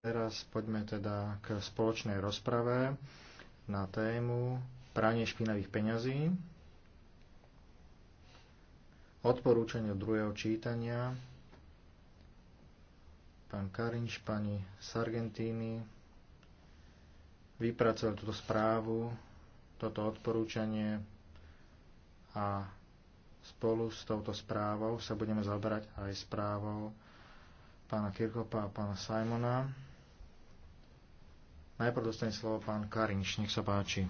Teraz poďme teda k spoločnej rozprave na tému pranie špinavých peňazí, odporúčanie druhého čítania, pán Karinš, pani Sargentini vypracovali túto správu, toto odporúčanie a spolu s touto správou sa budeme zaoberať aj správou pána Kirkopa a pána Simona. Najprv dostane slovo pán Karinš, nech sa páči.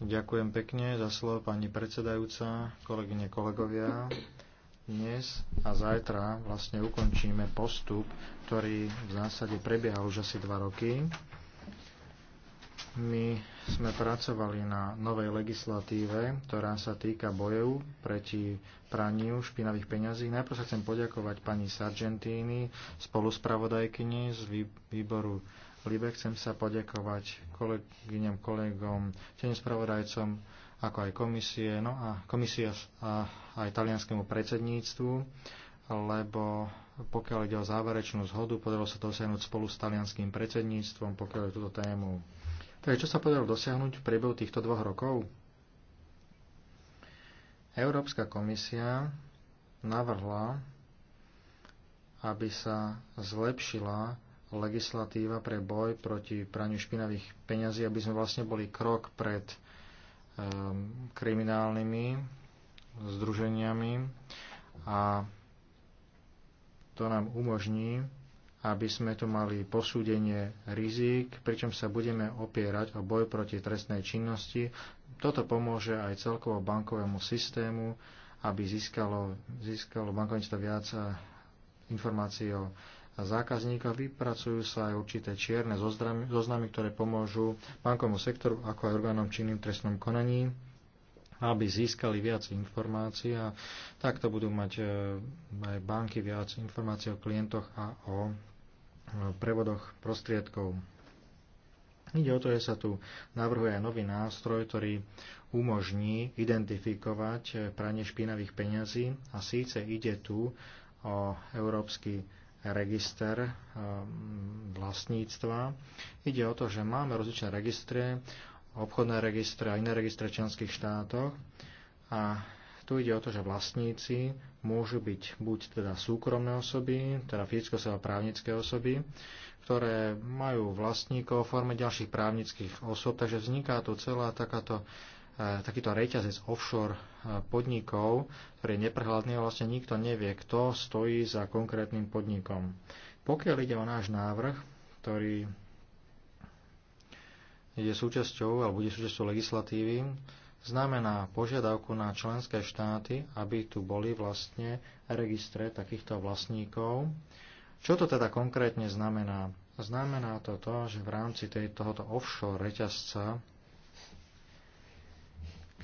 Ďakujem pekne za slovo pani predsedajúca, kolegyne, kolegovia. Dnes a zajtra vlastne ukončíme postup, ktorý v zásade prebiehal už asi dva roky. My sme pracovali na novej legislatíve, ktorá sa týka bojov proti praniu špinavých peňazí. Najprv sa chcem poďakovať pani Sargentini, spoluspravodajkyni z výboru Libe. Chcem sa poďakovať kolegyňam, kolegom, tým spravodajcom, ako aj komisie, no a komisia a aj talianskému predsedníctvu, lebo pokiaľ ide o záverečnú zhodu, podarilo sa to dosiahnuť spolu s talianským predsedníctvom, pokiaľ je túto tému Takže čo sa podarilo dosiahnuť v priebehu týchto dvoch rokov? Európska komisia navrhla, aby sa zlepšila legislatíva pre boj proti praniu špinavých peňazí, aby sme vlastne boli krok pred um, kriminálnymi združeniami a to nám umožní aby sme tu mali posúdenie rizík, pričom sa budeme opierať o boj proti trestnej činnosti. Toto pomôže aj celkovo bankovému systému, aby získalo, získalo bankovníctvo viac eh, informácií o zákazníkoch. Vypracujú sa aj určité čierne zoznamy, ktoré pomôžu bankovému sektoru, ako aj orgánom činným trestnom konaní aby získali viac informácií a takto budú mať eh, aj banky viac informácií o klientoch a o prevodoch prostriedkov. Ide o to, že sa tu navrhuje aj nový nástroj, ktorý umožní identifikovať pranie špinavých peňazí a síce ide tu o Európsky register um, vlastníctva. Ide o to, že máme rozličné registre, obchodné registre a iné registre členských štátoch a tu ide o to, že vlastníci môžu byť buď teda súkromné osoby, teda fyzicko sa právnické osoby, ktoré majú vlastníkov v forme ďalších právnických osôb, takže vzniká tu celá takáto e, takýto reťazec offshore e, podnikov, ktorý je neprehľadný a vlastne nikto nevie, kto stojí za konkrétnym podnikom. Pokiaľ ide o náš návrh, ktorý je súčasťou alebo bude súčasťou legislatívy, znamená požiadavku na členské štáty, aby tu boli vlastne registre takýchto vlastníkov. Čo to teda konkrétne znamená? Znamená to to, že v rámci tej, tohoto offshore reťazca,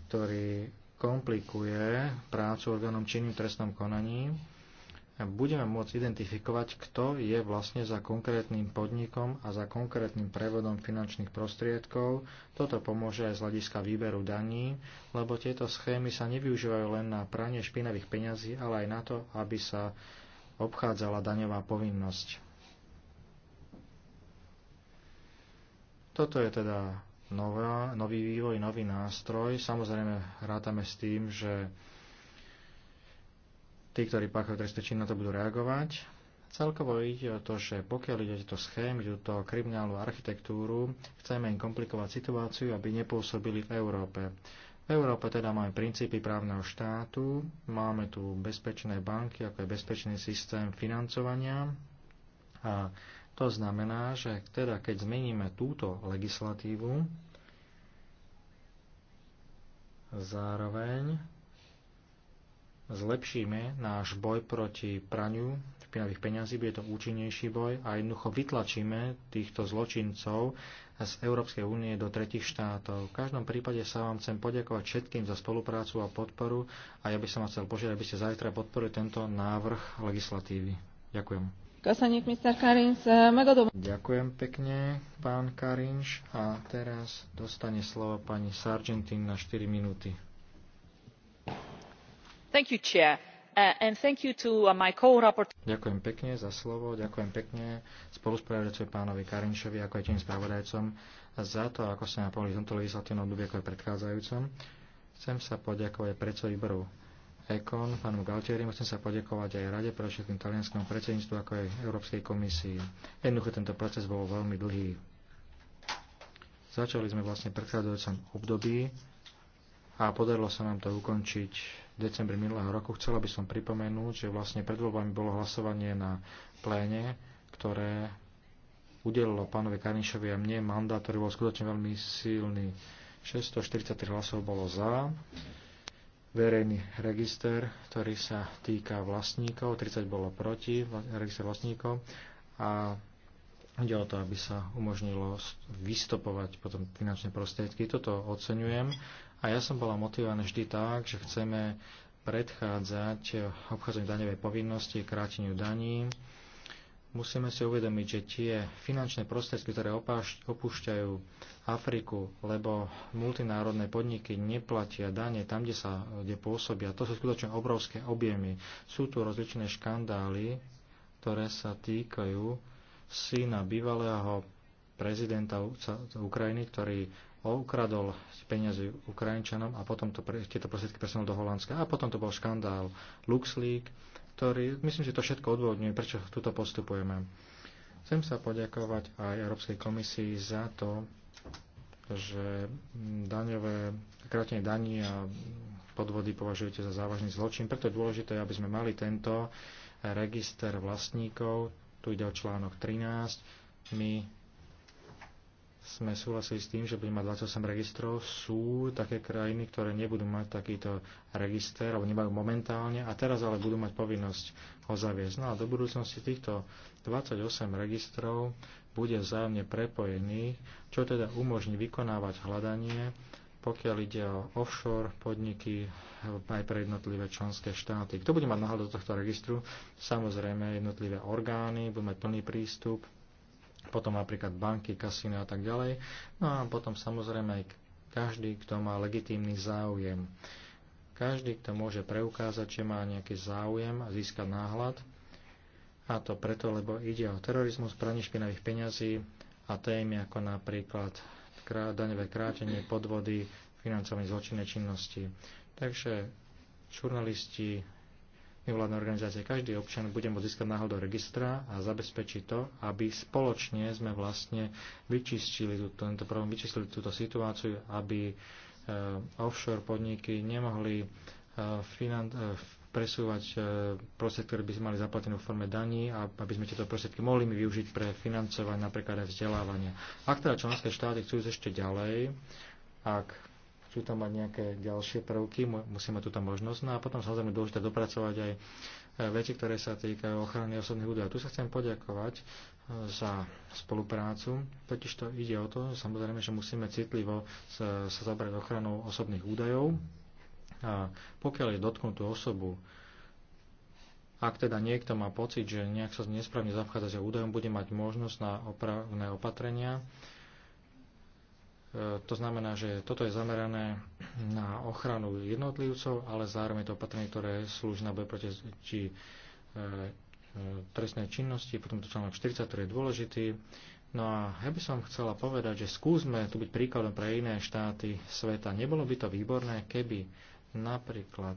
ktorý komplikuje prácu orgánom činným trestnom konaní, budeme môcť identifikovať, kto je vlastne za konkrétnym podnikom a za konkrétnym prevodom finančných prostriedkov. Toto pomôže aj z hľadiska výberu daní, lebo tieto schémy sa nevyužívajú len na pranie špinavých peňazí, ale aj na to, aby sa obchádzala daňová povinnosť. Toto je teda nová, nový vývoj, nový nástroj. Samozrejme, rátame s tým, že tí, ktorí páchajú trestné činy, na to budú reagovať. Celkovo ide o to, že pokiaľ ide o tieto schémy, túto kriminálnu architektúru, chceme im komplikovať situáciu, aby nepôsobili v Európe. V Európe teda máme princípy právneho štátu, máme tu bezpečné banky, ako je bezpečný systém financovania. A to znamená, že teda keď zmeníme túto legislatívu, zároveň zlepšíme náš boj proti praniu špinavých peňazí, bude to účinnejší boj a jednoducho vytlačíme týchto zločincov z Európskej únie do tretich štátov. V každom prípade sa vám chcem poďakovať všetkým za spoluprácu a podporu a ja by som vás chcel požiadať, aby ste zajtra podporili tento návrh legislatívy. Ďakujem. Eh, Ďakujem pekne, pán Karinš. A teraz dostane slovo pani Sargentin na 4 minúty. Uh, uh, ďakujem pekne za slovo, ďakujem pekne spoluspravodajcovi pánovi Karinčovi, ako aj tým spravodajcom za to, ako ste pomohli v tomto legislatívnom období ako aj predchádzajúcom. Chcem sa poďakovať predsedu výboru Ekon, pánu Galtierimu, chcem sa poďakovať aj Rade pre všetkým talianskému predsedníctvu, ako aj Európskej komisii. Jednoducho tento proces bol veľmi dlhý. Začali sme vlastne v predchádzajúcom období a podarilo sa nám to ukončiť v decembri minulého roku. Chcela by som pripomenúť, že vlastne pred voľbami bolo hlasovanie na pléne, ktoré udelilo pánovi Karinšovi a mne mandát, ktorý bol skutočne veľmi silný. 643 hlasov bolo za, verejný register, ktorý sa týka vlastníkov, 30 bolo proti, register vlastníkov a ide o to, aby sa umožnilo vystopovať potom finančné prostriedky. Toto oceňujem a ja som bola motivovaná vždy tak, že chceme predchádzať obchádzaniu daňovej povinnosti, kráteniu daní. Musíme si uvedomiť, že tie finančné prostriedky, ktoré opúšťajú Afriku, lebo multinárodné podniky neplatia dane tam, kde sa kde pôsobia, to sú skutočne obrovské objemy. Sú tu rozličné škandály, ktoré sa týkajú syna bývalého prezidenta Ukrajiny, ktorý ukradol peniaze Ukrajinčanom a potom to, tieto prostriedky presunul do Holandska. A potom to bol škandál LuxLeak, ktorý, myslím, že to všetko odôvodňuje, prečo tuto postupujeme. Chcem sa poďakovať aj Európskej komisii za to, že daňové, krátenie daní a podvody považujete za závažný zločin. Preto je dôležité, aby sme mali tento register vlastníkov. Tu ide o článok 13. My sme súhlasili s tým, že budeme mať 28 registrov. Sú také krajiny, ktoré nebudú mať takýto register, alebo nemajú momentálne, a teraz ale budú mať povinnosť ho zaviesť. No a do budúcnosti týchto 28 registrov bude vzájomne prepojených, čo teda umožní vykonávať hľadanie, pokiaľ ide o offshore podniky aj pre jednotlivé členské štáty. Kto bude mať náhľad do tohto registru? Samozrejme, jednotlivé orgány budú mať plný prístup potom napríklad banky, kasíny a tak ďalej. No a potom samozrejme aj každý, kto má legitímny záujem. Každý, kto môže preukázať, že má nejaký záujem a získať náhľad. A to preto, lebo ide o terorizmus, praní špinavých peňazí a témy ako napríklad daňové krátenie, podvody, financovanie zločinnej činnosti. Takže žurnalisti, mimovládne organizácie, každý občan bude môcť získať náhľad do registra a zabezpečiť to, aby spoločne sme vlastne vyčistili túto tento problém, vyčistili túto situáciu, aby e, offshore podniky nemohli e, finan, e, presúvať e, prostriedky, ktoré by sme mali zaplatené v forme daní a aby sme tieto prostriedky mohli využiť pre financovanie napríklad aj vzdelávania. Ak teda členské štáty chcú ísť ešte ďalej, ak chcú tam mať nejaké ďalšie prvky, musíme túto možnosť. No a potom samozrejme dôležité dopracovať aj e, veci, ktoré sa týkajú ochrany osobných údajov. Tu sa chcem poďakovať e, za spoluprácu, totiž to ide o to, samozrejme, že musíme citlivo sa, zabrať ochranou osobných údajov. A pokiaľ je dotknutú osobu, ak teda niekto má pocit, že nejak sa nesprávne zavchádza s údajom, bude mať možnosť na opravné opatrenia, E, to znamená, že toto je zamerané na ochranu jednotlivcov, ale zároveň to opatrenie, ktoré slúži na boj proti či, e, e, trestnej činnosti, potom to článok 40, ktorý je dôležitý. No a ja by som chcela povedať, že skúsme tu byť príkladom pre iné štáty sveta. Nebolo by to výborné, keby napríklad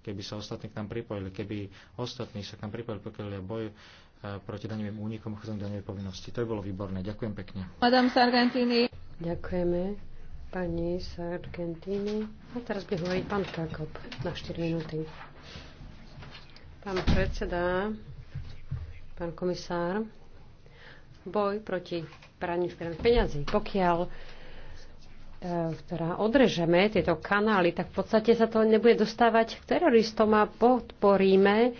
keby sa ostatní k nám pripojili, keby ostatní sa k nám pripojili, pokiaľ je boj proti daňovým únikom a chodom daňovej povinnosti. To by bolo výborné. Ďakujem pekne. Madame Sargentini. Ďakujeme pani Sargentini. A teraz by hovorí pán Kakop na 4 minúty. Pán predseda, pán komisár, boj proti praniu špinavých peňazí. Pokiaľ ktorá e, teda odrežeme tieto kanály, tak v podstate sa to nebude dostávať k teroristom a podporíme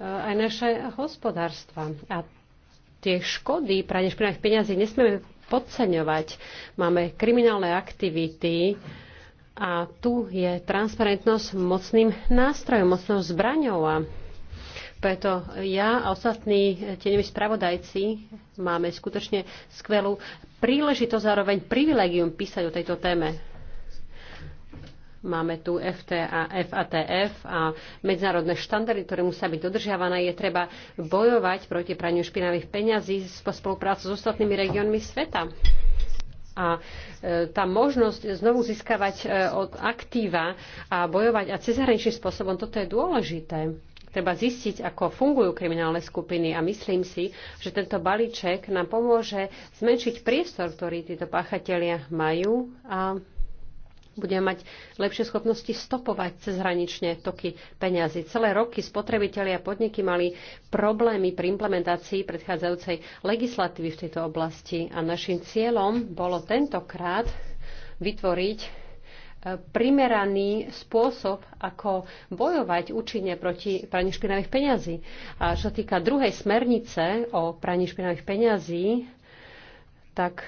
aj naše hospodárstva. A tie škody prania špinavých peniazí nesmieme podceňovať. Máme kriminálne aktivity a tu je transparentnosť mocným nástrojom, mocnou zbraňou. A preto ja a ostatní tieňoví spravodajci máme skutočne skvelú príležitosť, zároveň privilegium písať o tejto téme. Máme tu FTA, FATF a medzinárodné štandardy, ktoré musia byť dodržiavané. Je treba bojovať proti praniu špinavých peňazí po spolupráci s ostatnými regiónmi sveta. A e, tá možnosť znovu získavať e, od aktíva a bojovať a cezhraničným spôsobom, toto je dôležité treba zistiť, ako fungujú kriminálne skupiny a myslím si, že tento balíček nám pomôže zmenšiť priestor, ktorý títo páchatelia majú a budeme mať lepšie schopnosti stopovať cezhranične toky peňazí. Celé roky spotrebitelia a podniky mali problémy pri implementácii predchádzajúcej legislatívy v tejto oblasti a našim cieľom bolo tentokrát vytvoriť e, primeraný spôsob, ako bojovať účinne proti praní špinavých peňazí. A čo sa týka druhej smernice o praní špinavých peňazí, tak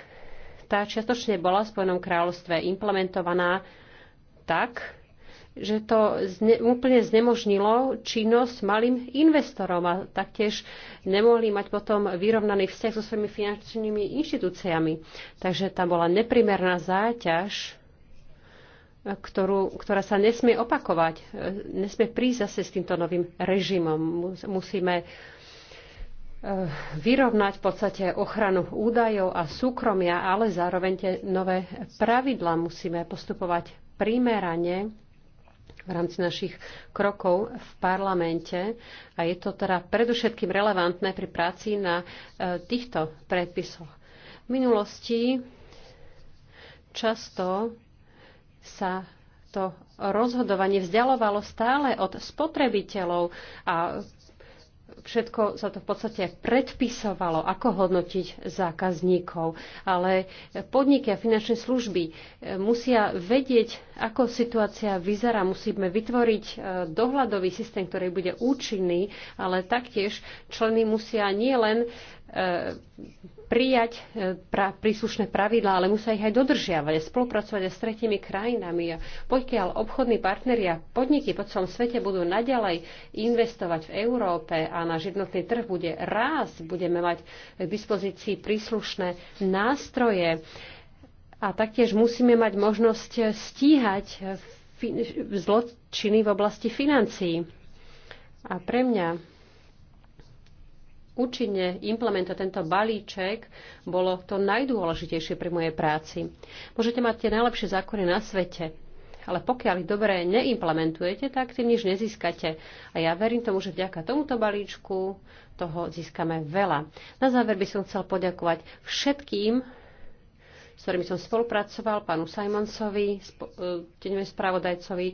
tá čiastočne bola v Spojenom kráľovstve implementovaná tak, že to zne, úplne znemožnilo činnosť malým investorom a taktiež nemohli mať potom vyrovnaný vzťah so svojimi finančnými inštitúciami. Takže tam bola neprimerná záťaž, ktorú, ktorá sa nesmie opakovať. Nesmie prísť zase s týmto novým režimom. Musíme Eh, vyrovnať v podstate ochranu údajov a súkromia, ale zároveň tie nové pravidla musíme postupovať primerane v rámci našich krokov v parlamente a je to teda predovšetkým relevantné pri práci na eh, týchto predpisoch. V minulosti často sa to rozhodovanie vzdialovalo stále od spotrebiteľov a všetko sa to v podstate predpisovalo, ako hodnotiť zákazníkov. Ale podniky a finančné služby e, musia vedieť, ako situácia vyzerá. Musíme vytvoriť e, dohľadový systém, ktorý bude účinný, ale taktiež členy musia nielen E, prijať e, príslušné pravidlá, ale musia ich aj dodržiavať a spolupracovať aj s tretimi krajinami. A pokiaľ obchodní partneri a podniky po celom svete budú naďalej investovať v Európe a náš jednotný trh bude rásť, budeme mať k dispozícii príslušné nástroje a taktiež musíme mať možnosť stíhať e, zločiny v oblasti financií. A pre mňa účinne implementovať tento balíček, bolo to najdôležitejšie pri mojej práci. Môžete mať tie najlepšie zákony na svete, ale pokiaľ ich dobre neimplementujete, tak tým nič nezískate. A ja verím tomu, že vďaka tomuto balíčku toho získame veľa. Na záver by som chcel poďakovať všetkým, s ktorými som spolupracoval, pánu Simonsovi, e, teňovej spravodajcovi,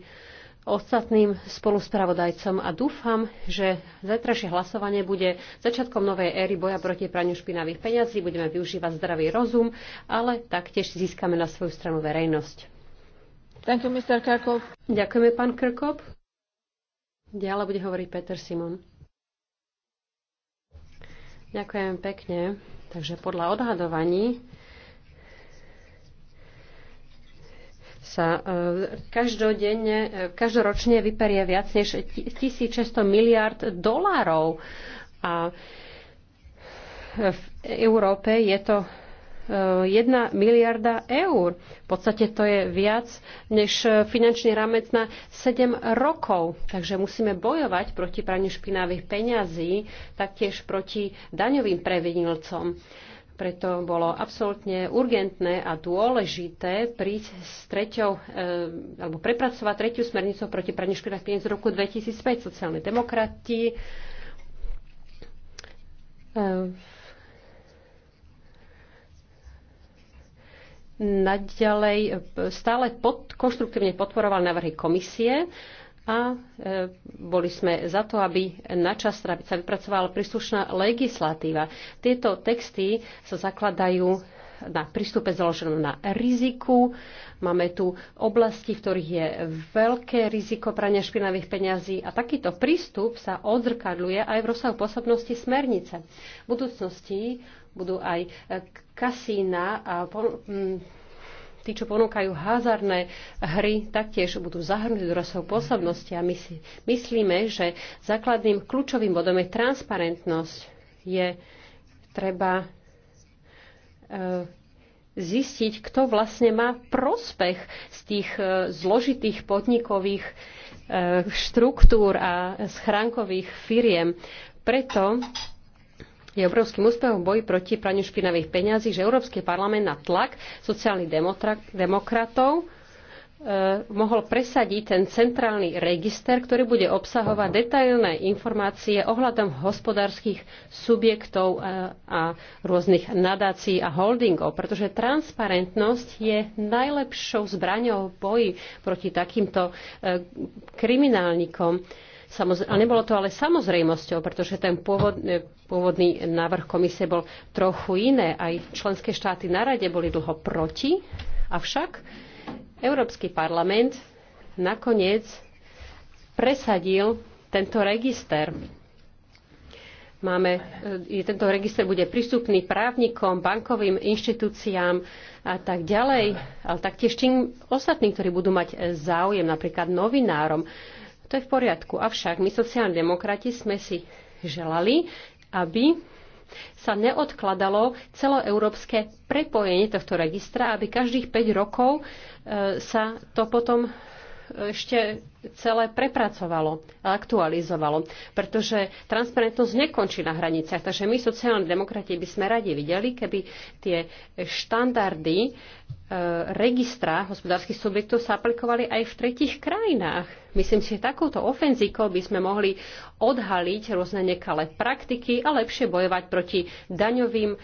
ostatným spoluspravodajcom a dúfam, že zajtrajšie hlasovanie bude začiatkom novej éry boja proti praniu špinavých peňazí, budeme využívať zdravý rozum, ale taktiež získame na svoju stranu verejnosť. Thank you, Mr. Ďakujeme, pán Krkop. Ďalej bude hovoriť Peter Simon. Ďakujem pekne. Takže podľa odhadovaní sa e, každodenne, e, každoročne vyperie viac než 1600 miliard dolárov. A v Európe je to 1 e, miliarda eur. V podstate to je viac než finančný rámec na 7 rokov. Takže musíme bojovať proti praniu špinavých peňazí, taktiež proti daňovým previnilcom. Preto bolo absolútne urgentné a dôležité prísť s treťou, e, alebo prepracovať tretiu smernicu proti praní škodách z roku 2005. Sociálni demokrati e, naďalej stále pod, konštruktívne podporoval návrhy komisie a e, boli sme za to, aby načas aby sa vypracovala príslušná legislatíva. Tieto texty sa zakladajú na prístupe založenom na riziku. Máme tu oblasti, v ktorých je veľké riziko prania špinavých peňazí a takýto prístup sa odzrkadľuje aj v rozsahu pôsobnosti smernice. V budúcnosti budú aj e, kasína a tí, čo ponúkajú hazardné hry, taktiež budú zahrnutí do rozsahu pôsobnosti a my si myslíme, že základným kľúčovým bodom je transparentnosť. Je treba e, zistiť, kto vlastne má prospech z tých e, zložitých podnikových e, štruktúr a schránkových firiem. Preto je obrovským úspechom v boji proti praniu špinavých peňazí, že Európsky parlament na tlak sociálnych demokratov e, mohol presadiť ten centrálny register, ktorý bude obsahovať detailné informácie ohľadom hospodárskych subjektov e, a rôznych nadácií a holdingov, pretože transparentnosť je najlepšou zbraňou boji proti takýmto e, kriminálnikom. Samozre- a nebolo to ale samozrejmosťou, pretože ten pôvod, e, pôvodný návrh komisie bol trochu iné. Aj členské štáty na rade boli dlho proti, avšak Európsky parlament nakoniec presadil tento register máme, e, tento register bude prístupný právnikom, bankovým inštitúciám a tak ďalej, ale taktiež tým ostatným, ktorí budú mať záujem, napríklad novinárom. To je v poriadku. Avšak my sociálni demokrati sme si želali, aby sa neodkladalo celoeurópske prepojenie tohto registra, aby každých 5 rokov e, sa to potom e, ešte celé prepracovalo a aktualizovalo. Pretože transparentnosť nekončí na hraniciach. Takže my, sociálni demokrati, by sme radi videli, keby tie štandardy e, registra hospodárskych subjektov sa aplikovali aj v tretich krajinách. Myslím si, že takouto ofenzíkou by sme mohli odhaliť rôzne nekalé praktiky a lepšie bojovať proti daňovým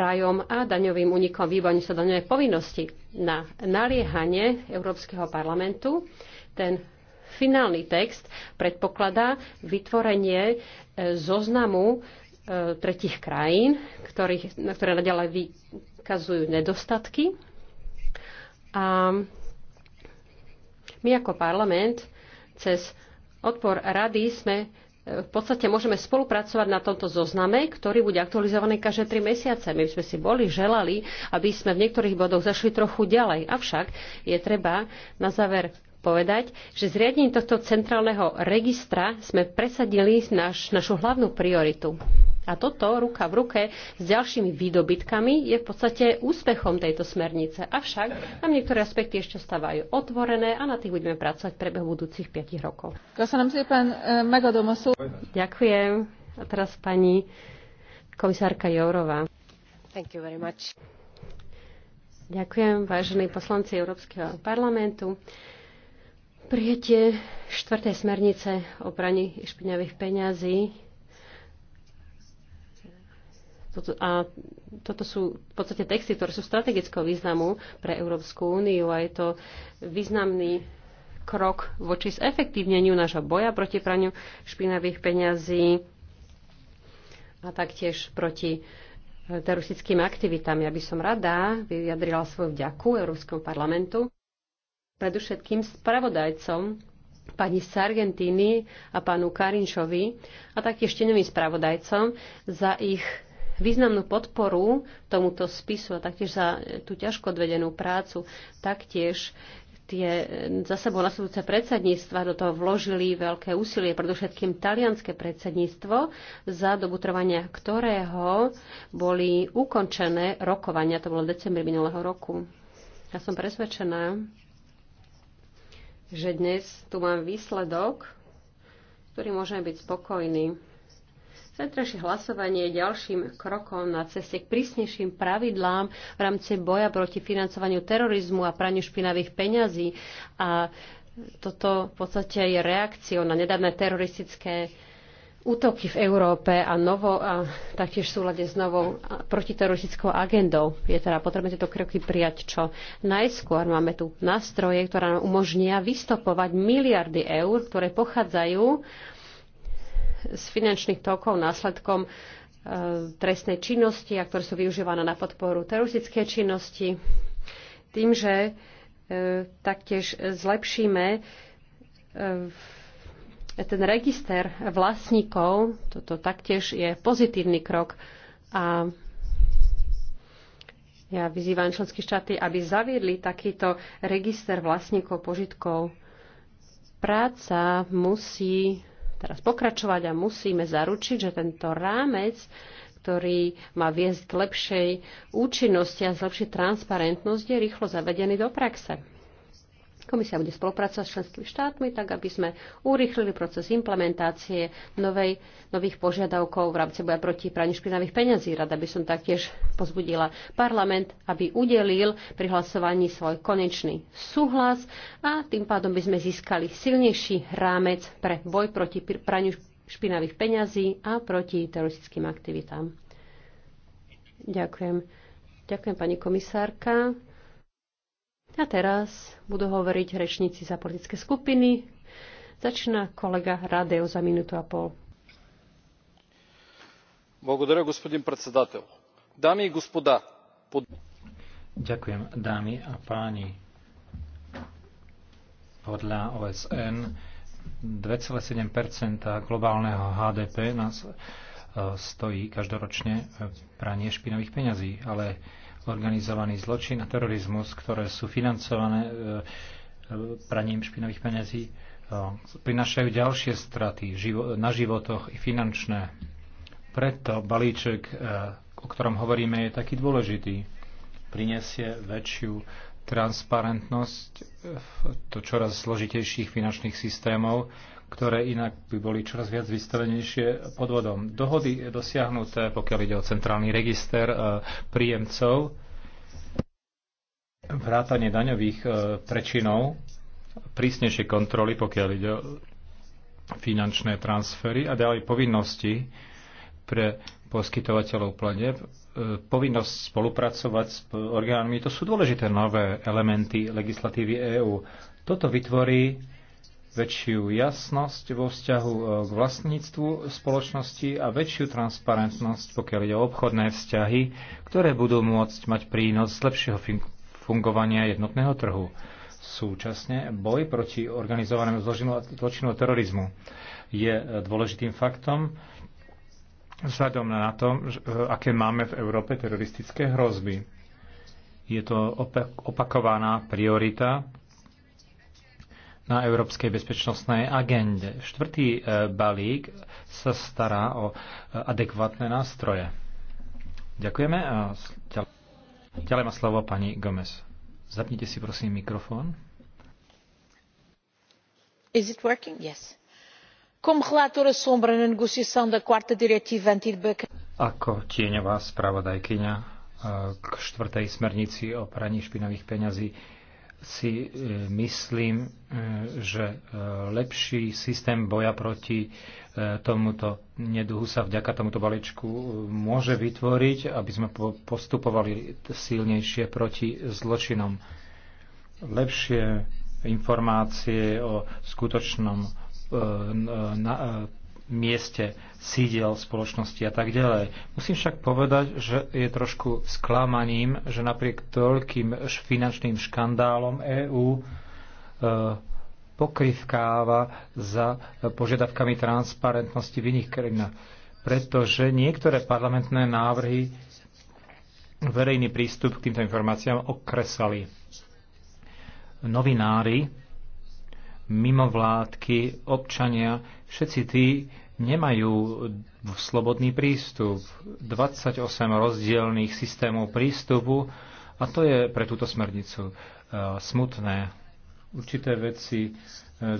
rajom a daňovým únikom výbavne sa daňovej povinnosti. Na naliehanie Európskeho parlamentu ten Finálny text predpokladá vytvorenie e, zoznamu e, tretich krajín, ktorých, na ktoré naďalej vykazujú nedostatky. A my ako parlament cez odpor rady sme e, v podstate môžeme spolupracovať na tomto zozname, ktorý bude aktualizovaný každé tri mesiace. My by sme si boli želali, aby sme v niektorých bodoch zašli trochu ďalej. Avšak je treba na záver povedať, že zriadením tohto centrálneho registra sme presadili naš, našu hlavnú prioritu. A toto ruka v ruke s ďalšími výdobytkami je v podstate úspechom tejto smernice. Avšak tam niektoré aspekty ešte stávajú otvorené a na tých budeme pracovať v prebehu budúcich 5 rokov. Eh, Ďakujem. A teraz pani komisárka Jourová. Thank you very much. Ďakujem, vážení poslanci Európskeho parlamentu. Prijatie štvrtej smernice o praní špinavých peňazí toto, a toto sú v podstate texty, ktoré sú strategického významu pre Európsku úniu a je to významný krok voči zefektívneniu nášho boja proti praniu špinavých peňazí a taktiež proti eh, teroristickým aktivitám. Ja by som rada vyjadrila svoju vďaku Európskom parlamentu predovšetkým spravodajcom pani Sargentini a pánu Karinšovi, a taktiež tenovým spravodajcom za ich významnú podporu tomuto spisu a taktiež za tú ťažko odvedenú prácu. Taktiež tie za sebou nasledujúce predsedníctva do toho vložili veľké úsilie, predovšetkým talianské predsedníctvo, za dobu trvania ktorého boli ukončené rokovania, to bolo v decembri minulého roku. Ja som presvedčená, že dnes tu mám výsledok, ktorý môžeme byť spokojný. Zajtrajšie hlasovanie je ďalším krokom na ceste k prísnejším pravidlám v rámci boja proti financovaniu terorizmu a praniu špinavých peňazí. A toto v podstate je reakciou na nedávne teroristické útoky v Európe a, novo, a taktiež v súlade s novou protiteroristickou agendou. Je teda potrebné tieto kroky prijať čo najskôr. Máme tu nástroje, ktoré nám umožnia vystopovať miliardy eur, ktoré pochádzajú z finančných tokov následkom e, trestnej činnosti a ktoré sú využívané na podporu teroristickej činnosti. Tým, že e, taktiež zlepšíme e, ten register vlastníkov, toto taktiež je pozitívny krok a ja vyzývam členské štáty, aby zaviedli takýto register vlastníkov požitkov. Práca musí teraz pokračovať a musíme zaručiť, že tento rámec, ktorý má viesť k lepšej účinnosti a zlepšiť transparentnosť, je rýchlo zavedený do praxe. Komisia bude spolupracovať s členskými štátmi, tak aby sme urýchlili proces implementácie novej, nových požiadavkov v rámci boja proti praniu špinavých peňazí. Rada by som taktiež pozbudila parlament, aby udelil pri hlasovaní svoj konečný súhlas a tým pádom by sme získali silnejší rámec pre boj proti praniu špinavých peňazí a proti teroristickým aktivitám. Ďakujem. Ďakujem pani komisárka. A teraz budú hovoriť rečníci za politické skupiny. Začína kolega Radev za minútu a pol. Благодаря, господин председател. Дами и господа, под... Ďakujem, dámy a páni. Podľa OSN 2,7 globálneho HDP nás e, stojí každoročne pranie špinových peňazí, ale organizovaný zločin a terorizmus, ktoré sú financované e, praním špinových peňazí, e, prinašajú ďalšie straty na životoch i finančné. Preto balíček, e, o ktorom hovoríme, je taký dôležitý. Prinesie väčšiu transparentnosť to čoraz zložitejších finančných systémov, ktoré inak by boli čoraz viac vystavenejšie podvodom. Dohody dosiahnuté, pokiaľ ide o centrálny register e, príjemcov, vrátanie daňových e, prečinov, prísnejšie kontroly, pokiaľ ide o finančné transfery a ďalej povinnosti pre poskytovateľov planeb, e, povinnosť spolupracovať s orgánmi, to sú dôležité nové elementy legislatívy EÚ. Toto vytvorí väčšiu jasnosť vo vzťahu e, k vlastníctvu spoločnosti a väčšiu transparentnosť, pokiaľ ide o obchodné vzťahy, ktoré budú môcť mať prínos z lepšieho fungovania jednotného trhu. Súčasne boj proti organizovanému zločinu a terorizmu je e, dôležitým faktom vzhľadom na to, e, aké máme v Európe teroristické hrozby. Je to opakovaná priorita na európskej bezpečnostnej agende. Štvrtý e, balík sa stará o e, adekvátne nástroje. Ďakujeme a ďalej má slovo pani Gomez. Zapnite si prosím mikrofón. Is it working? Yes. Como relatora sombra na negociação da quarta diretiva antibacana. Ako tieňová spravodajkyňa e, k štvrtej smernici o praní špinavých peňazí si e, myslím, e, že e, lepší systém boja proti tomuto neduhu sa vďaka tomuto balíčku môže vytvoriť, aby sme postupovali silnejšie proti zločinom. Lepšie informácie o skutočnom mieste sídel spoločnosti a tak ďalej. Musím však povedať, že je trošku sklamaním, že napriek toľkým finančným škandálom EÚ e, pokrivkáva za požiadavkami transparentnosti v iných krajinách. Pretože niektoré parlamentné návrhy verejný prístup k týmto informáciám okresali. Novinári mimovládky, občania, všetci tí nemajú slobodný prístup. 28 rozdielných systémov prístupu a to je pre túto smernicu e, smutné. Určité veci e,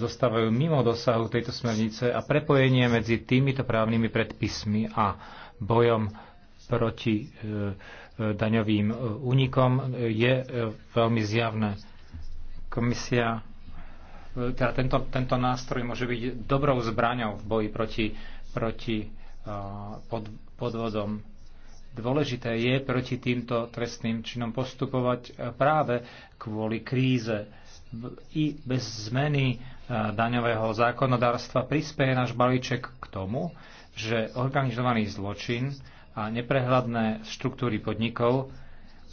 zostávajú mimo dosahu tejto smernice a prepojenie medzi týmito právnymi predpismi a bojom proti e, daňovým únikom je veľmi zjavné. Komisia E, teda tento, tento nástroj môže byť dobrou zbraňou v boji proti, proti e, pod, podvodom. Dôležité je proti týmto trestným činom postupovať e, práve kvôli kríze. I bez zmeny daňového zákonodárstva prispieje náš balíček k tomu, že organizovaný zločin a neprehľadné štruktúry podnikov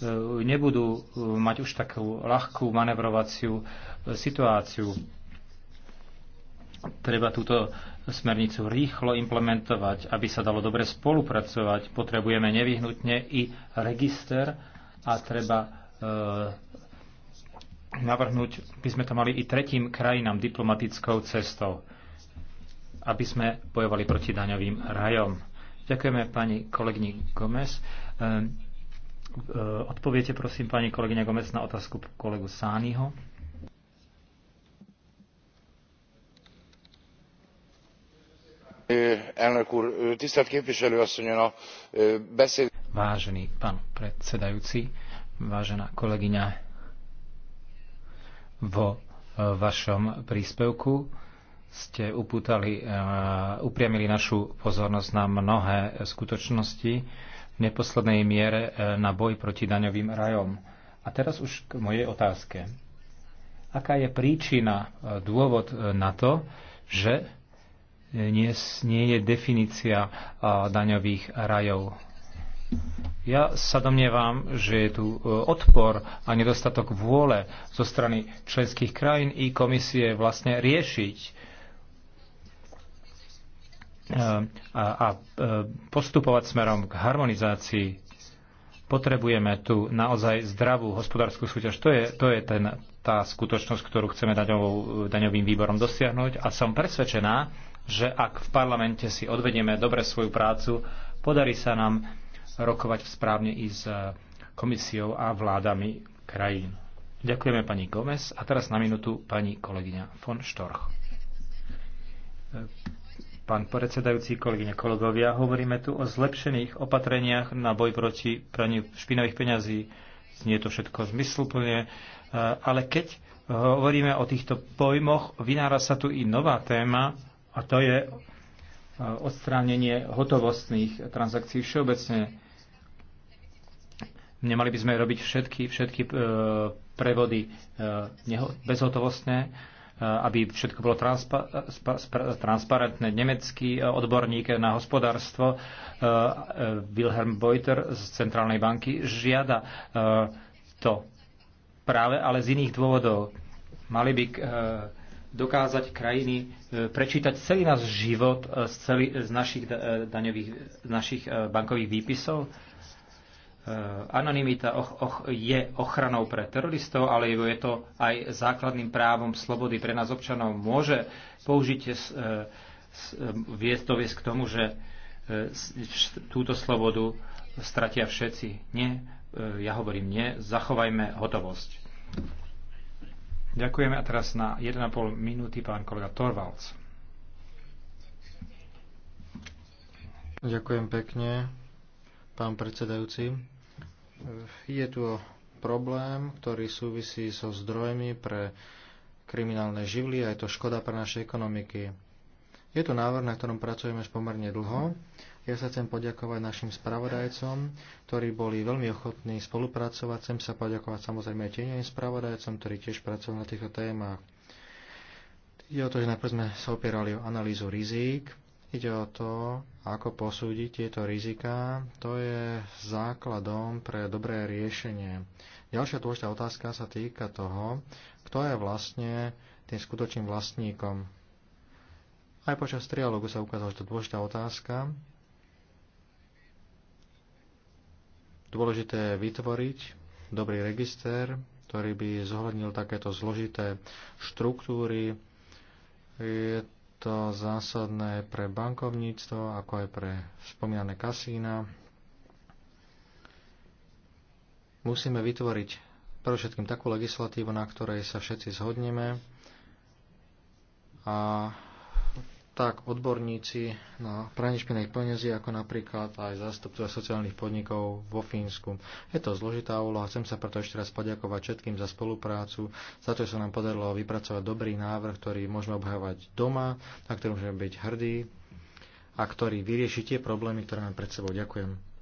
E, nebudú e, mať už takú ľahkú manevrovaciu e, situáciu. Treba túto smernicu rýchlo implementovať, aby sa dalo dobre spolupracovať. Potrebujeme nevyhnutne i register a treba e, navrhnúť, by sme to mali i tretím krajinám diplomatickou cestou, aby sme bojovali proti daňovým rajom. Ďakujeme pani kolegyni Gomez. E, Eh, odpoviete prosím pani kolegyňa Gomec na otázku kolegu Sániho. Eh, eh, Vážený pán predsedajúci, vážená kolegyňa, vo vašom príspevku ste upútali, upriamili našu pozornosť na mnohé skutočnosti, neposlednej miere e, na boj proti daňovým rajom. A teraz už k mojej otázke. Aká je príčina, e, dôvod e, na to, že nie, nie je definícia daňových rajov? Ja sa domnievam, že je tu odpor a nedostatok vôle zo strany členských krajín i komisie vlastne riešiť a, a e, postupovať smerom k harmonizácii. Potrebujeme tu naozaj zdravú hospodárskú súťaž. To je, to je ten, tá skutočnosť, ktorú chceme daňovou, daňovým výborom dosiahnuť a som presvedčená, že ak v parlamente si odvedieme dobre svoju prácu, podarí sa nám rokovať správne i s e, komisiou a vládami krajín. Ďakujeme pani Gomez a teraz na minútu pani kolegyňa von Storch. Pán predsedajúci, kolegyne, kolegovia, hovoríme tu o zlepšených opatreniach na boj proti praniu špinavých peňazí. Znie to všetko zmysluplne, e, ale keď hovoríme o týchto pojmoch, vynára sa tu i nová téma a to je e, odstránenie hotovostných transakcií všeobecne. Nemali by sme robiť všetky, všetky e, prevody bezhotovostné, Eh, aby všetko bolo transpa- transparentné. Nemecký eh, odborník na hospodárstvo eh, Wilhelm Beuter z Centrálnej banky žiada to práve ale z iných dôvodov. Mali by dokázať krajiny prečítať celý náš život z, celý, z našich, daňových, z našich bankových výpisov, Eh, anonimita och, och, je ochranou pre teroristov, ale je to aj základným právom slobody pre nás občanov. Môže použite eh, eh, viesť to viesť k tomu, že túto slobodu stratia všetci. Nie, ja hovorím nie, zachovajme hotovosť. Ďakujeme a teraz na 1,5 minúty pán kolega Torvalds. Ďakujem pekne, pán predsedajúci je tu problém, ktorý súvisí so zdrojmi pre kriminálne živly a je to škoda pre naše ekonomiky. Je to návrh, na ktorom pracujeme už pomerne dlho. Ja sa chcem poďakovať našim spravodajcom, ktorí boli veľmi ochotní spolupracovať. Chcem sa poďakovať samozrejme aj tieňovým spravodajcom, ktorí tiež pracujú na týchto témach. Ide o to, že najprv sme sa opierali o analýzu rizík, Ide o to, ako posúdiť tieto rizika, To je základom pre dobré riešenie. Ďalšia dôležitá otázka sa týka toho, kto je vlastne tým skutočným vlastníkom. Aj počas trialógu sa ukázala, že to dôležitá otázka. Dôležité je vytvoriť dobrý register, ktorý by zohľadnil takéto zložité štruktúry. Je to zásadné pre bankovníctvo, ako aj pre spomínané kasína. Musíme vytvoriť pre všetkým takú legislatívu, na ktorej sa všetci zhodneme a tak odborníci na pranie špinavých peniazí, ako napríklad aj zástupcovia sociálnych podnikov vo Fínsku. Je to zložitá úloha, chcem sa preto ešte raz poďakovať všetkým za spoluprácu, za to, že sa nám podarilo vypracovať dobrý návrh, ktorý môžeme obhávať doma, na ktorý môžeme byť hrdí a ktorý vyrieši tie problémy, ktoré máme pred sebou. Ďakujem.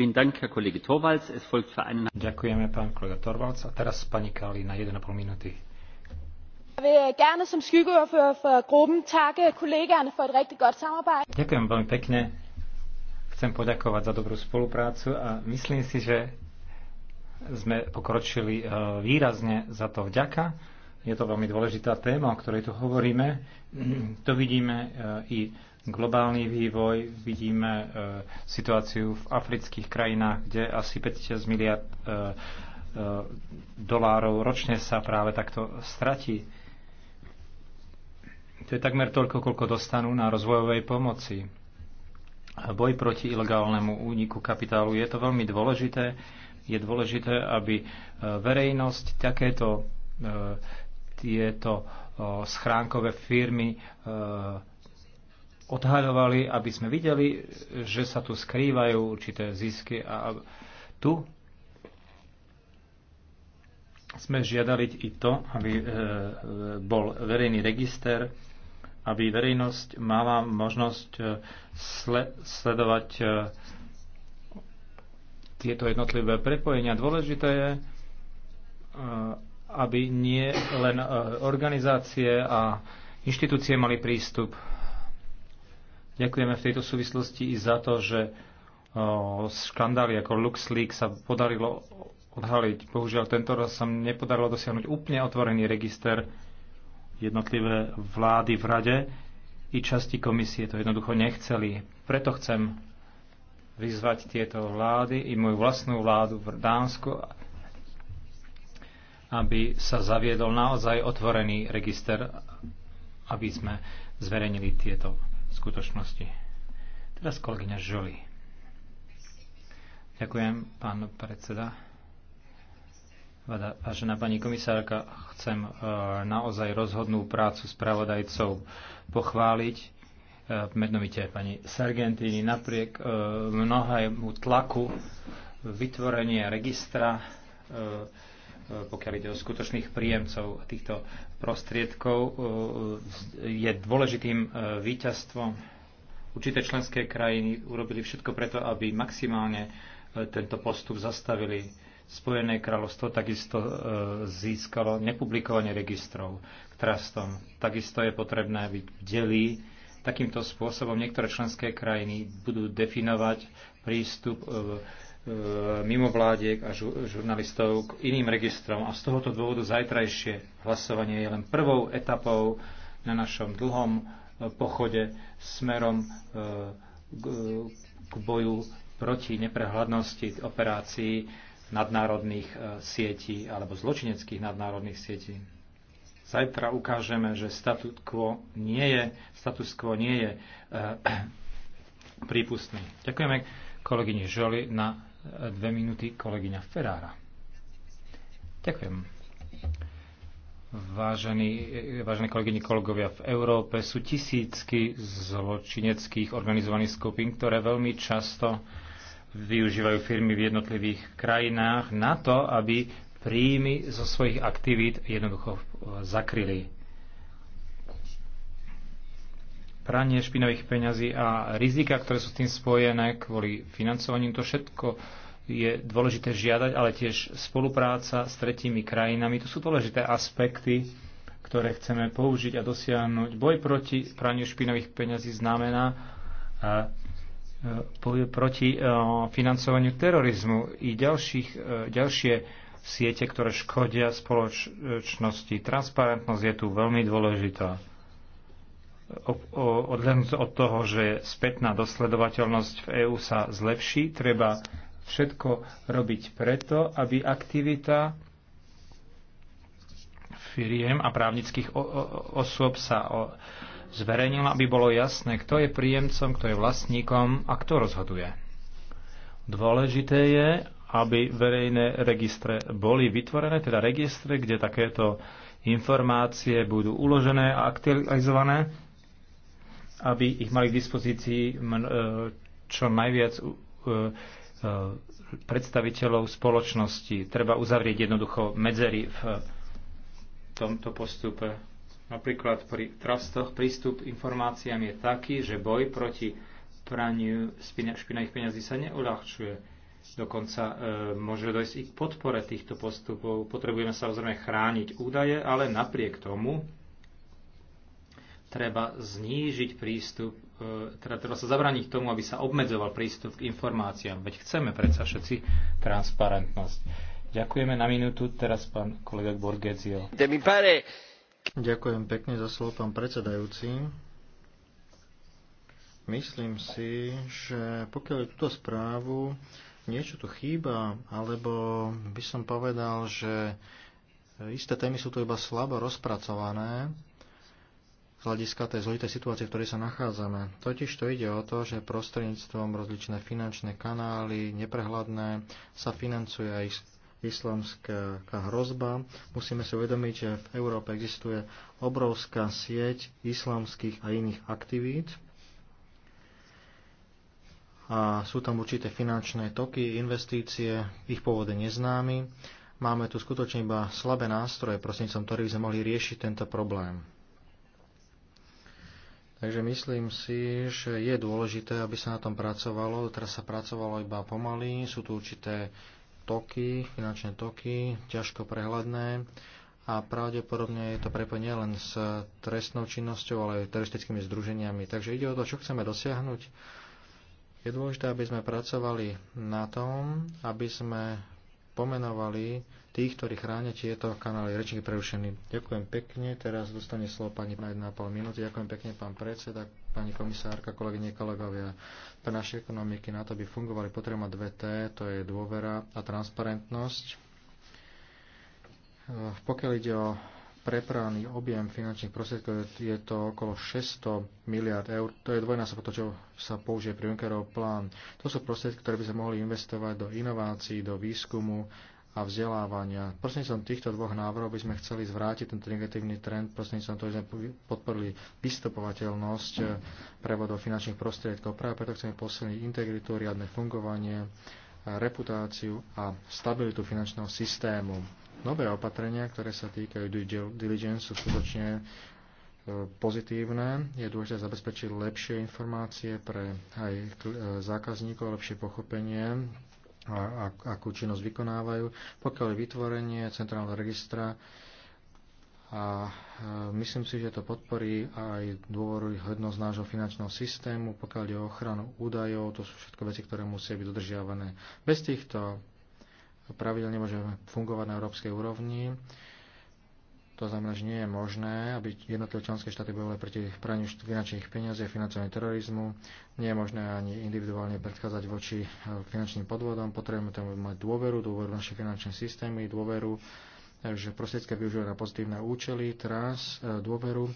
Ďakujeme, pán kolega Torvalds. A teraz pani Kali 1,5 minúty. Eh, Ďakujem veľmi pekne. Chcem poďakovať za dobrú spoluprácu a myslím si, že sme pokročili eh, výrazne za to vďaka. Je to veľmi dôležitá téma, o ktorej tu hovoríme. To vidíme eh, i globálny vývoj, vidíme e, situáciu v afrických krajinách, kde asi 50 miliard e, e, dolárov ročne sa práve takto stratí. To je takmer toľko, koľko dostanú na rozvojovej pomoci. Boj proti ilegálnemu úniku kapitálu je to veľmi dôležité. Je dôležité, aby e, verejnosť takéto e, tieto schránkové firmy e, odhaľovali, aby sme videli, že sa tu skrývajú určité zisky a tu sme žiadali i to, aby e, e, bol verejný register, aby verejnosť mala možnosť e, sledovať tieto jednotlivé prepojenia. Dôležité je, aby nie len organizácie a inštitúcie mali prístup Ďakujeme v tejto súvislosti i za to, že škandály ako LuxLeaks sa podarilo odhaliť. Bohužiaľ, tento raz sa nepodarilo dosiahnuť úplne otvorený register jednotlivé vlády v rade i časti komisie to jednoducho nechceli. Preto chcem vyzvať tieto vlády i moju vlastnú vládu v Dánsku, aby sa zaviedol naozaj otvorený register, aby sme zverejnili tieto skutočnosti. Teraz kolegyňa Žoli. Ďakujem, pán predseda. Vážená pani komisárka, chcem e, naozaj rozhodnú prácu spravodajcov pochváliť e, menovite pani Sargentini, napriek e, mnohému tlaku vytvorenie registra E, pokiaľ ide o skutočných príjemcov týchto prostriedkov, e, e, je dôležitým víťazstvom. Určité členské krajiny urobili všetko preto, aby maximálne tento postup zastavili. Spojené kráľovstvo takisto získalo nepublikovanie registrov k trastom. Takisto je potrebné byť v Takýmto spôsobom niektoré členské krajiny budú definovať prístup E, mimovládiek a žurnalistov k iným registrom. A z tohoto dôvodu zajtrajšie hlasovanie je len prvou etapou na našom dlhom e, pochode smerom e, k boju proti neprehľadnosti operácií nadnárodných sietí alebo zločineckých nadnárodných sietí. Zajtra ukážeme, že status quo nie je, status quo nie je prípustný. Ďakujeme kolegyni Žoli na Dve minúty kolegyňa Ferrara. Ďakujem. Vážení, vážené kolegyni, kolegovia, v Európe sú tisícky zločineckých organizovaných skupín, ktoré veľmi často využívajú firmy v jednotlivých krajinách na to, aby príjmy zo svojich aktivít jednoducho zakryli. pranie špinavých peňazí a rizika, ktoré sú s tým spojené kvôli financovaniu. To všetko je dôležité žiadať, ale tiež spolupráca s tretími krajinami. To sú dôležité aspekty, ktoré chceme použiť a dosiahnuť. Boj proti praniu špinavých peňazí znamená eh, boj proti eh, financovaniu terorizmu i ďalších, eh, ďalšie siete, ktoré škodia spoločnosti. Transparentnosť je tu veľmi dôležitá odhľadnúť od toho, že spätná dosledovateľnosť v EÚ sa zlepší, treba všetko robiť preto, aby aktivita firiem a právnických osôb sa zverejnila, aby bolo jasné, kto je príjemcom, kto je vlastníkom a kto rozhoduje. Dôležité je, aby verejné registre boli vytvorené, teda registre, kde takéto informácie budú uložené a aktualizované aby ich mali k dispozícii e, čo najviac e, e, predstaviteľov spoločnosti. Treba uzavrieť jednoducho medzery v tomto postupe. Napríklad pri trustoch prístup informáciám je taký, že boj proti praniu špinavých peňazí sa neulahčuje. Dokonca e, môže dojsť i k podpore týchto postupov. Potrebujeme samozrejme chrániť údaje, ale napriek tomu treba znížiť prístup, e, teda treba sa zabrániť tomu, aby sa obmedzoval prístup k informáciám. Veď chceme predsa všetci transparentnosť. Ďakujeme na minútu. Teraz pán kolega Borgezio. Ďakujem pekne za slovo, pán predsedajúci. Myslím si, že pokiaľ je túto správu, niečo tu chýba, alebo by som povedal, že isté témy sú tu iba slabo rozpracované z hľadiska tej zložitej situácie, v ktorej sa nachádzame. Totiž to ide o to, že prostredníctvom rozličné finančné kanály, neprehľadné, sa financuje aj islamská hrozba. Musíme si uvedomiť, že v Európe existuje obrovská sieť islamských a iných aktivít a sú tam určité finančné toky, investície, ich pôvode neznámy. Máme tu skutočne iba slabé nástroje, prosím som, ktorých sme mohli riešiť tento problém. Takže myslím si, že je dôležité, aby sa na tom pracovalo. Teraz sa pracovalo iba pomaly, sú tu určité toky, finančné toky, ťažko prehľadné a pravdepodobne je to prepojenie len s trestnou činnosťou, ale aj teroristickými združeniami. Takže ide o to, čo chceme dosiahnuť. Je dôležité, aby sme pracovali na tom, aby sme pomenovali tých, ktorí chránia tieto kanály. Rečník prerušený. Ďakujem pekne. Teraz dostane slovo pani na 1,5 minúty. Ďakujem pekne, pán predseda, pani komisárka, kolegyne, kolegovia. Pre naše ekonomiky na to by fungovali potreba dve T, to je dôvera a transparentnosť. Eh, pokiaľ ide o prepravný objem finančných prostriedkov je to okolo 600 miliard eur. To je dvojnásob to, čo sa použije pri Junckerov plán. To sú prostriedky, ktoré by sa mohli investovať do inovácií, do výskumu a vzdelávania. Prostredníctvom týchto dvoch návrhov by sme chceli zvrátiť tento negatívny trend, prostredníctvom toho, že sme podporili vystupovateľnosť eh, prevodov finančných prostriedkov. Práve preto chceme posilniť integritu, riadne fungovanie, eh, reputáciu a stabilitu finančného systému. Nové opatrenia, ktoré sa týkajú due diligence, sú skutočne e, pozitívne. Je dôležité zabezpečiť lepšie informácie pre aj e, zákazníkov, lepšie pochopenie, a, a, akú činnosť vykonávajú, pokiaľ je vytvorenie centrálneho registra. A e, myslím si, že to podporí aj hodnosť nášho finančného systému, pokiaľ je o ochranu údajov, to sú všetko veci, ktoré musia byť dodržiavané. Bez týchto pravidelne môže fungovať na európskej úrovni. To znamená, že nie je možné, aby jednotlivé členské štáty bojovali proti praniu finančných peniazí a financovaniu terorizmu. Nie je možné ani individuálne predchádzať voči e, finančným podvodom. Potrebujeme tam mať dôveru, dôveru naše finančné systémy, dôveru, e, že prostriedky využívajú na pozitívne účely, trans, e, dôveru,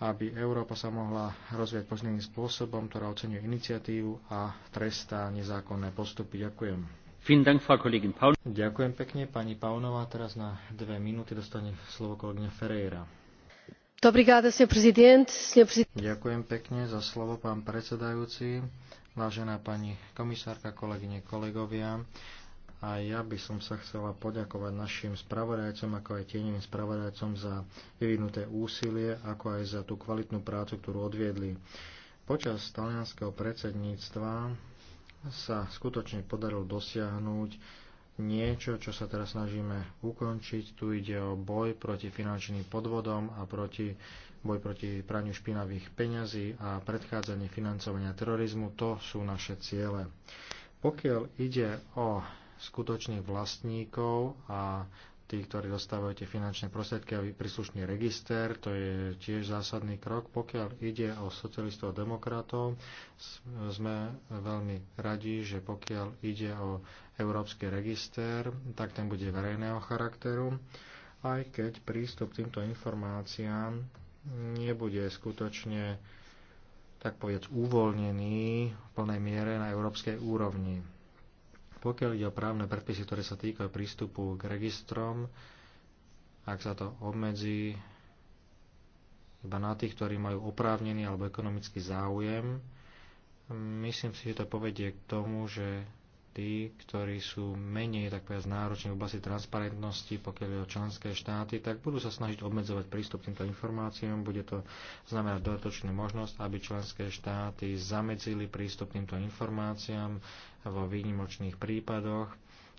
aby Európa sa mohla rozvíjať pozitívnym spôsobom, ktorá oceňuje iniciatívu a trestá nezákonné postupy. Ďakujem. Ďakujem pekne. Pani Paunová teraz na dve minúty dostane slovo kolegyňa Ferreira. Ďakujem pekne za slovo, pán predsedajúci, vážená pani komisárka, kolegyne, kolegovia. A ja by som sa chcela poďakovať našim spravodajcom, ako aj tieňovým spravodajcom za vyvinuté úsilie, ako aj za tú kvalitnú prácu, ktorú odviedli. Počas talianského predsedníctva sa skutočne podarilo dosiahnuť niečo, čo sa teraz snažíme ukončiť. Tu ide o boj proti finančným podvodom a proti, boj proti praniu špinavých peňazí a predchádzanie financovania terorizmu. To sú naše ciele. Pokiaľ ide o skutočných vlastníkov a tí, ktorí dostávajú tie finančné prostriedky a príslušný register, to je tiež zásadný krok. Pokiaľ ide o socialistov a demokratov, sme veľmi radi, že pokiaľ ide o európsky register, tak ten bude verejného charakteru, aj keď prístup k týmto informáciám nebude skutočne tak povedz uvoľnený v plnej miere na európskej úrovni pokiaľ ide o právne predpisy, ktoré sa týkajú prístupu k registrom, ak sa to obmedzí iba na tých, ktorí majú oprávnený alebo ekonomický záujem, myslím si, že to povedie k tomu, že tí, ktorí sú menej tak povedať, nároční v oblasti transparentnosti, pokiaľ je o členské štáty, tak budú sa snažiť obmedzovať prístup k týmto informáciám. Bude to znamenať dodatočnú možnosť, aby členské štáty zamedzili prístup k týmto informáciám vo výnimočných prípadoch,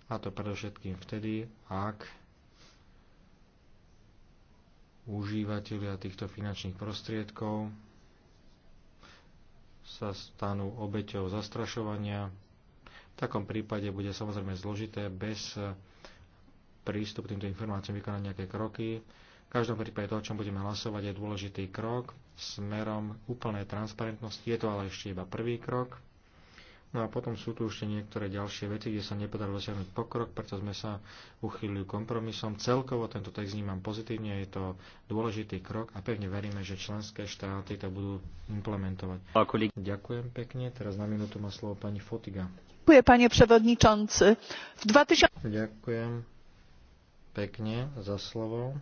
a to predovšetkým vtedy, ak užívateľia týchto finančných prostriedkov sa stanú obeťou zastrašovania, v takom prípade bude samozrejme zložité bez e, prístup k týmto informáciám vykonať nejaké kroky. V každom prípade to, o čom budeme hlasovať, je dôležitý krok smerom úplnej transparentnosti. Je to ale ešte iba prvý krok. No a potom sú tu ešte niektoré ďalšie veci, kde sa nepodarilo dosiahnuť pokrok, preto sme sa uchýlili kompromisom. Celkovo tento text vnímam pozitívne, je to dôležitý krok a pevne veríme, že členské štáty to budú implementovať. Ďakujem pekne, teraz na minútu má slovo pani Fotiga panie przewodniczący. W 2000... Ďakujem pekne za slovo.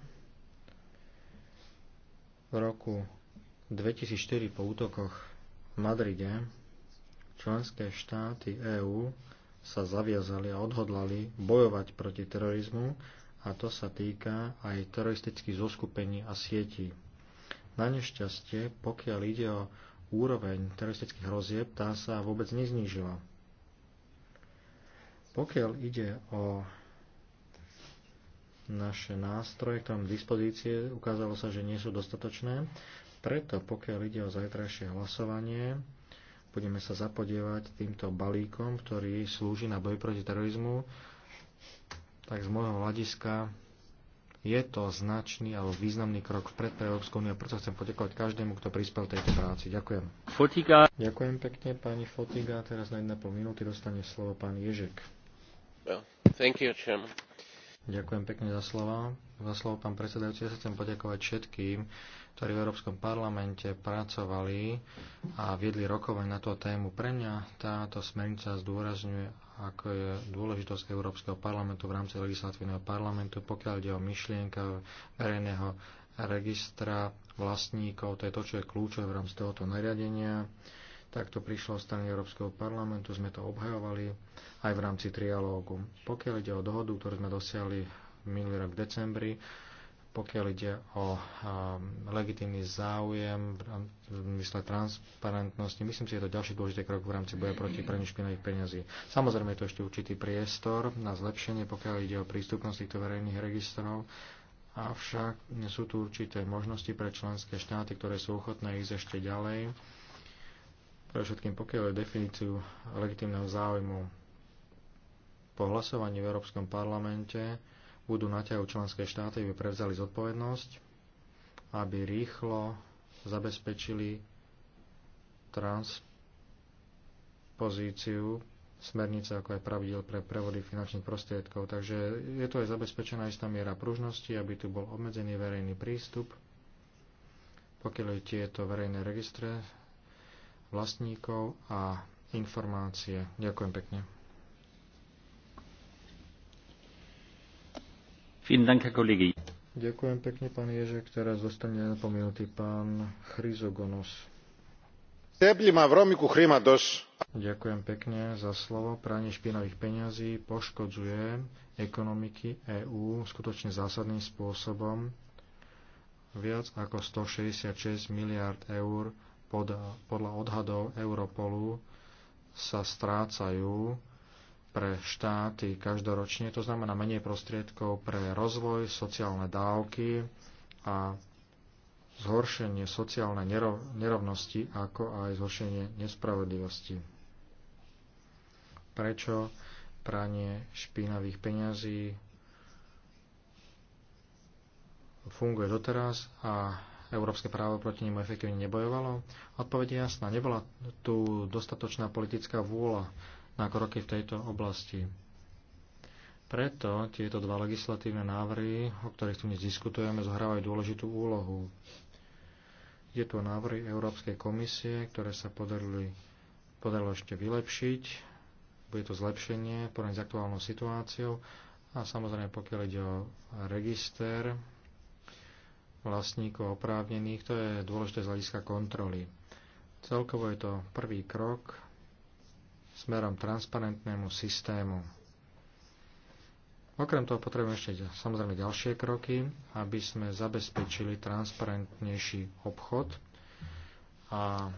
V roku 2004 po útokoch v Madride členské štáty EÚ sa zaviazali a odhodlali bojovať proti terorizmu a to sa týka aj teroristických zoskupení a sietí. Na nešťastie, pokiaľ ide o úroveň teroristických hrozieb, tá sa vôbec neznížila. Pokiaľ ide o naše nástroje, ktoré máme dispozície, ukázalo sa, že nie sú dostatočné. Preto, pokiaľ ide o zajtrajšie hlasovanie, budeme sa zapodievať týmto balíkom, ktorý slúži na boj proti terorizmu. Tak z môjho hľadiska je to značný alebo významný krok vpred pre Európsku úniu, preto chcem poďakovať každému, kto prispel tejto práci. Ďakujem. Fotiga. Ďakujem pekne, pani Fotiga. Teraz na 1,5 minúty dostane slovo pán Ježek. You, Ďakujem pekne za slovo. Za slovo, pán predsedajúci, ja sa chcem poďakovať všetkým, ktorí v Európskom parlamente pracovali a viedli rokovanie na tú tému. Pre mňa táto smernica zdôrazňuje, ako je dôležitosť Európskeho parlamentu v rámci legislatívneho parlamentu, pokiaľ ide o myšlienka verejného registra vlastníkov. To je to, čo je kľúčové v rámci tohoto nariadenia. Tak to prišlo od strany Európskeho parlamentu, sme to obhajovali aj v rámci trialógu. Pokiaľ ide o dohodu, ktorú sme dosiahli minulý rok v decembri, pokiaľ ide o um, legitímny záujem v mysle transparentnosti. Myslím si, že je to ďalší dôležitý krok v rámci boja proti praní špinavých peňazí. Samozrejme je to ešte určitý priestor na zlepšenie, pokiaľ ide o prístupnosť týchto verejných registrov, avšak sú tu určité možnosti pre členské štáty, ktoré sú ochotné ísť ešte ďalej pre všetkým pokiaľ je definíciu legitímneho záujmu po hlasovaní v Európskom parlamente budú naťahu členské štáty, aby prevzali zodpovednosť, aby rýchlo zabezpečili transpozíciu smernice, ako aj pravidel pre prevody finančných prostriedkov. Takže je to aj zabezpečená istá miera pružnosti, aby tu bol obmedzený verejný prístup, pokiaľ je tieto verejné registre vlastníkov a informácie. Ďakujem pekne. Ďakujem pekne, pán Ježek. Teraz zostane napomenutý pán Chryzogonos. Ďakujem pekne za slovo. Pranie špinavých peňazí poškodzuje ekonomiky EÚ skutočne zásadným spôsobom. Viac ako 166 miliard eur podľa, podľa odhadov Europolu sa strácajú pre štáty každoročne, to znamená menej prostriedkov pre rozvoj, sociálne dávky a zhoršenie sociálnej nerovnosti, ako aj zhoršenie nespravodlivosti. Prečo pranie špinavých peňazí funguje doteraz a európske právo proti nemu efektívne nebojovalo? Odpoveď je jasná. Nebola tu dostatočná politická vôľa na kroky v tejto oblasti. Preto tieto dva legislatívne návrhy, o ktorých tu dnes diskutujeme, zohrávajú dôležitú úlohu. Je tu návrhy Európskej komisie, ktoré sa podarili, podarilo ešte vylepšiť. Bude to zlepšenie porovnaní s aktuálnou situáciou. A samozrejme, pokiaľ ide o register vlastníkov oprávnených, to je dôležité z hľadiska kontroly. Celkovo je to prvý krok smerom transparentnému systému. Okrem toho potrebujeme ešte samozrejme ďalšie kroky, aby sme zabezpečili transparentnejší obchod. A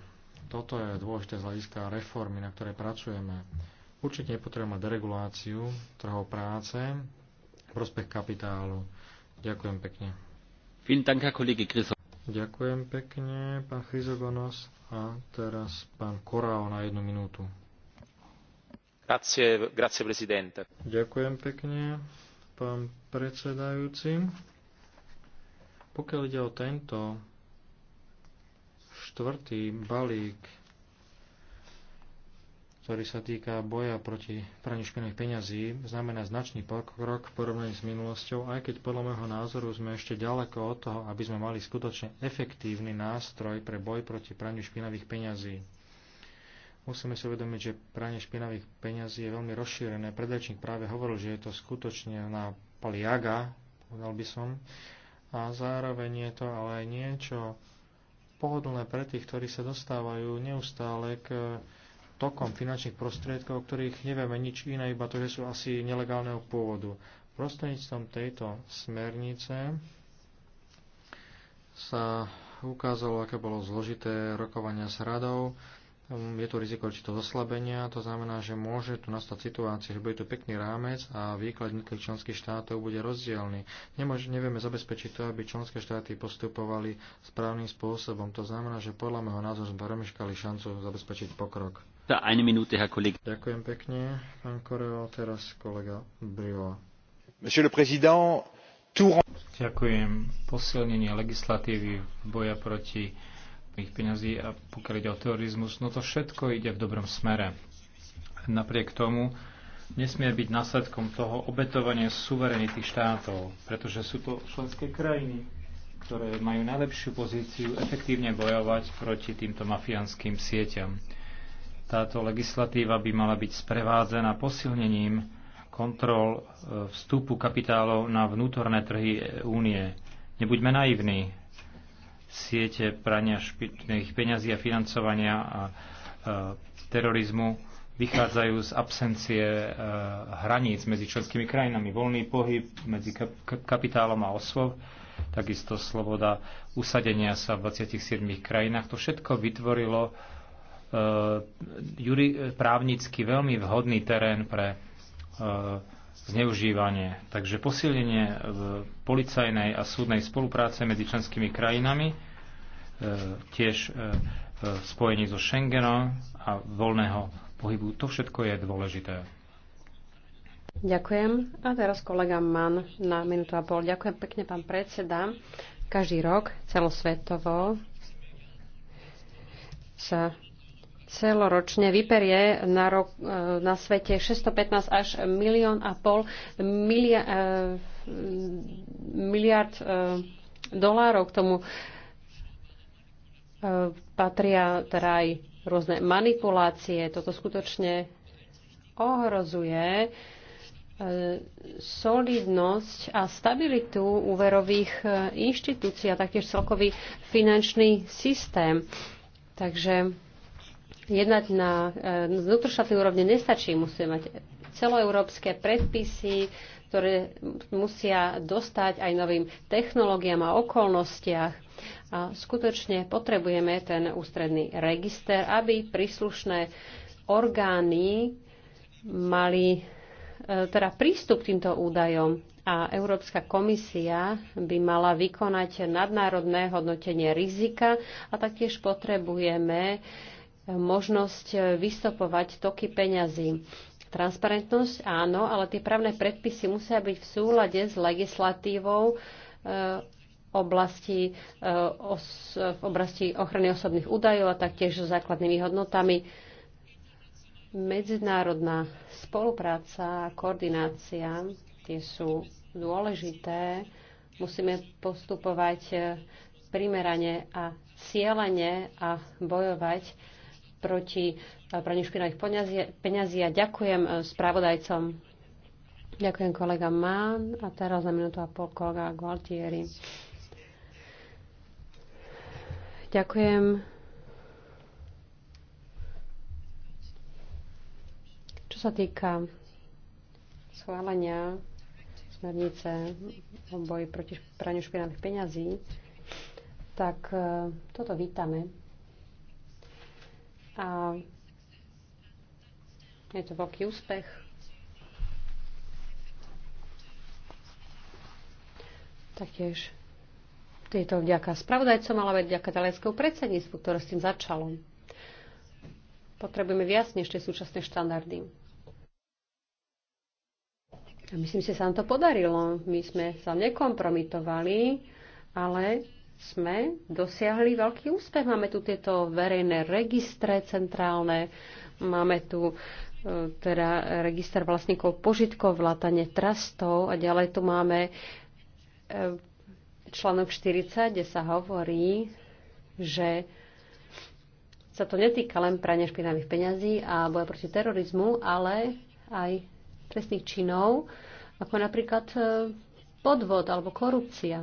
toto je dôležité z hľadiska reformy, na ktorej pracujeme. Určite potrebujeme mať dereguláciu trhov práce, prospech kapitálu. Ďakujem pekne. Ďakujem pekne, pán Chryzogonos. A teraz pán Korao na jednu minútu. Grazie, grazie presidente. Ďakujem pekne, pán predsedajúci. Pokiaľ ide o tento štvrtý balík ktorý sa týka boja proti praní špinavých peňazí, znamená značný pokrok v porovnaní s minulosťou, aj keď podľa môjho názoru sme ešte ďaleko od toho, aby sme mali skutočne efektívny nástroj pre boj proti praniu špinavých peňazí. Musíme si uvedomiť, že pranie špinavých peňazí je veľmi rozšírené. Predajčník práve hovoril, že je to skutočne na paliaga, povedal by som, a zároveň je to ale aj niečo pohodlné pre tých, ktorí sa dostávajú neustále k tokom finančných prostriedkov, o ktorých nevieme nič iné, iba to, že sú asi nelegálneho pôvodu. Prostredníctvom tejto smernice sa ukázalo, aké bolo zložité rokovania s radou. Um, je tu riziko určitého zoslabenia, to znamená, že môže tu nastať situácia, že bude tu pekný rámec a výklad jednotlivých členských štátov bude rozdielny. Nemôž, nevieme zabezpečiť to, aby členské štáty postupovali správnym spôsobom. To znamená, že podľa môjho názoru sme premeškali šancu zabezpečiť pokrok. Minute, Ďakujem pekne, pán Koreo, teraz kolega Briola. Monsieur le Président, tout... Ďakujem. Posilnenie legislatívy boja proti ich peňazí a pokiaľ ide o terorizmus, no to všetko ide v dobrom smere. Napriek tomu nesmie byť následkom toho obetovania suverenity štátov, pretože sú to členské krajiny, ktoré majú najlepšiu pozíciu efektívne bojovať proti týmto mafiánskym sieťam. Táto legislatíva by mala byť sprevádzená posilnením kontrol e, vstupu kapitálov na vnútorné trhy únie. Nebuďme naivní. Siete prania špitných peňazí a financovania a e, terorizmu vychádzajú z absencie e, hraníc medzi členskými krajinami. Voľný pohyb medzi kapitálom a osôb, takisto sloboda usadenia sa v 27 krajinách. To všetko vytvorilo Eh, juri, eh, právnicky veľmi vhodný terén pre eh, zneužívanie. Takže posilnenie policajnej a súdnej spolupráce medzi členskými krajinami, tiež v spojení so Schengenom a voľného pohybu, to všetko je dôležité. Ďakujem. A teraz kolega Mann na minútu a pol. Ďakujem pekne, pán predseda. Každý rok celosvetovo sa celoročne vyperie na, rok, e, na svete 615 až milión a pol e, miliard e, dolárov. K tomu patria teda aj rôzne manipulácie. Toto skutočne ohrozuje solidnosť a stabilitu úverových inštitúcií a taktiež celkový finančný systém. Takže jednať na e, vnútroštátnej úrovne nestačí. Musíme mať celoeurópske predpisy, ktoré musia dostať aj novým technológiám a okolnostiach. A skutočne potrebujeme ten ústredný register, aby príslušné orgány mali e, teda prístup k týmto údajom a Európska komisia by mala vykonať nadnárodné hodnotenie rizika a taktiež potrebujeme uh, možnosť eh, vystopovať toky peňazí. Transparentnosť áno, ale tie právne predpisy musia byť v súlade s legislatívou eh, oblasti, eh, v oblasti ochrany osobných údajov a taktiež so základnými hodnotami. Medzinárodná spolupráca a koordinácia tie sú dôležité. Musíme postupovať primerane a cieľene a bojovať proti eh, praniu špinavých peňazí a ďakujem eh, spravodajcom. Ďakujem kolega Mann a teraz na minútu a pol kolega Gualtieri. Ďakujem. Čo sa týka schválenia smernice o boji proti praniu špinavých peňazí, tak eh, toto vítame a je to veľký úspech. Taktiež je to vďaka spravodajcom, ale aj vďaka talianskému predsedníctvu, ktoré s tým začalo. Potrebujeme viac než tie súčasné štandardy. A myslím si, že sa nám to podarilo. My sme sa nekompromitovali, ale sme dosiahli veľký úspech. Máme tu tieto verejné registre centrálne, máme tu e, teda register vlastníkov požitkov, vlátanie trastov a ďalej tu máme e, článok 40, kde sa hovorí, že sa to netýka len prania špinavých peňazí a boja proti terorizmu, ale aj trestných činov, ako napríklad e, podvod alebo korupcia.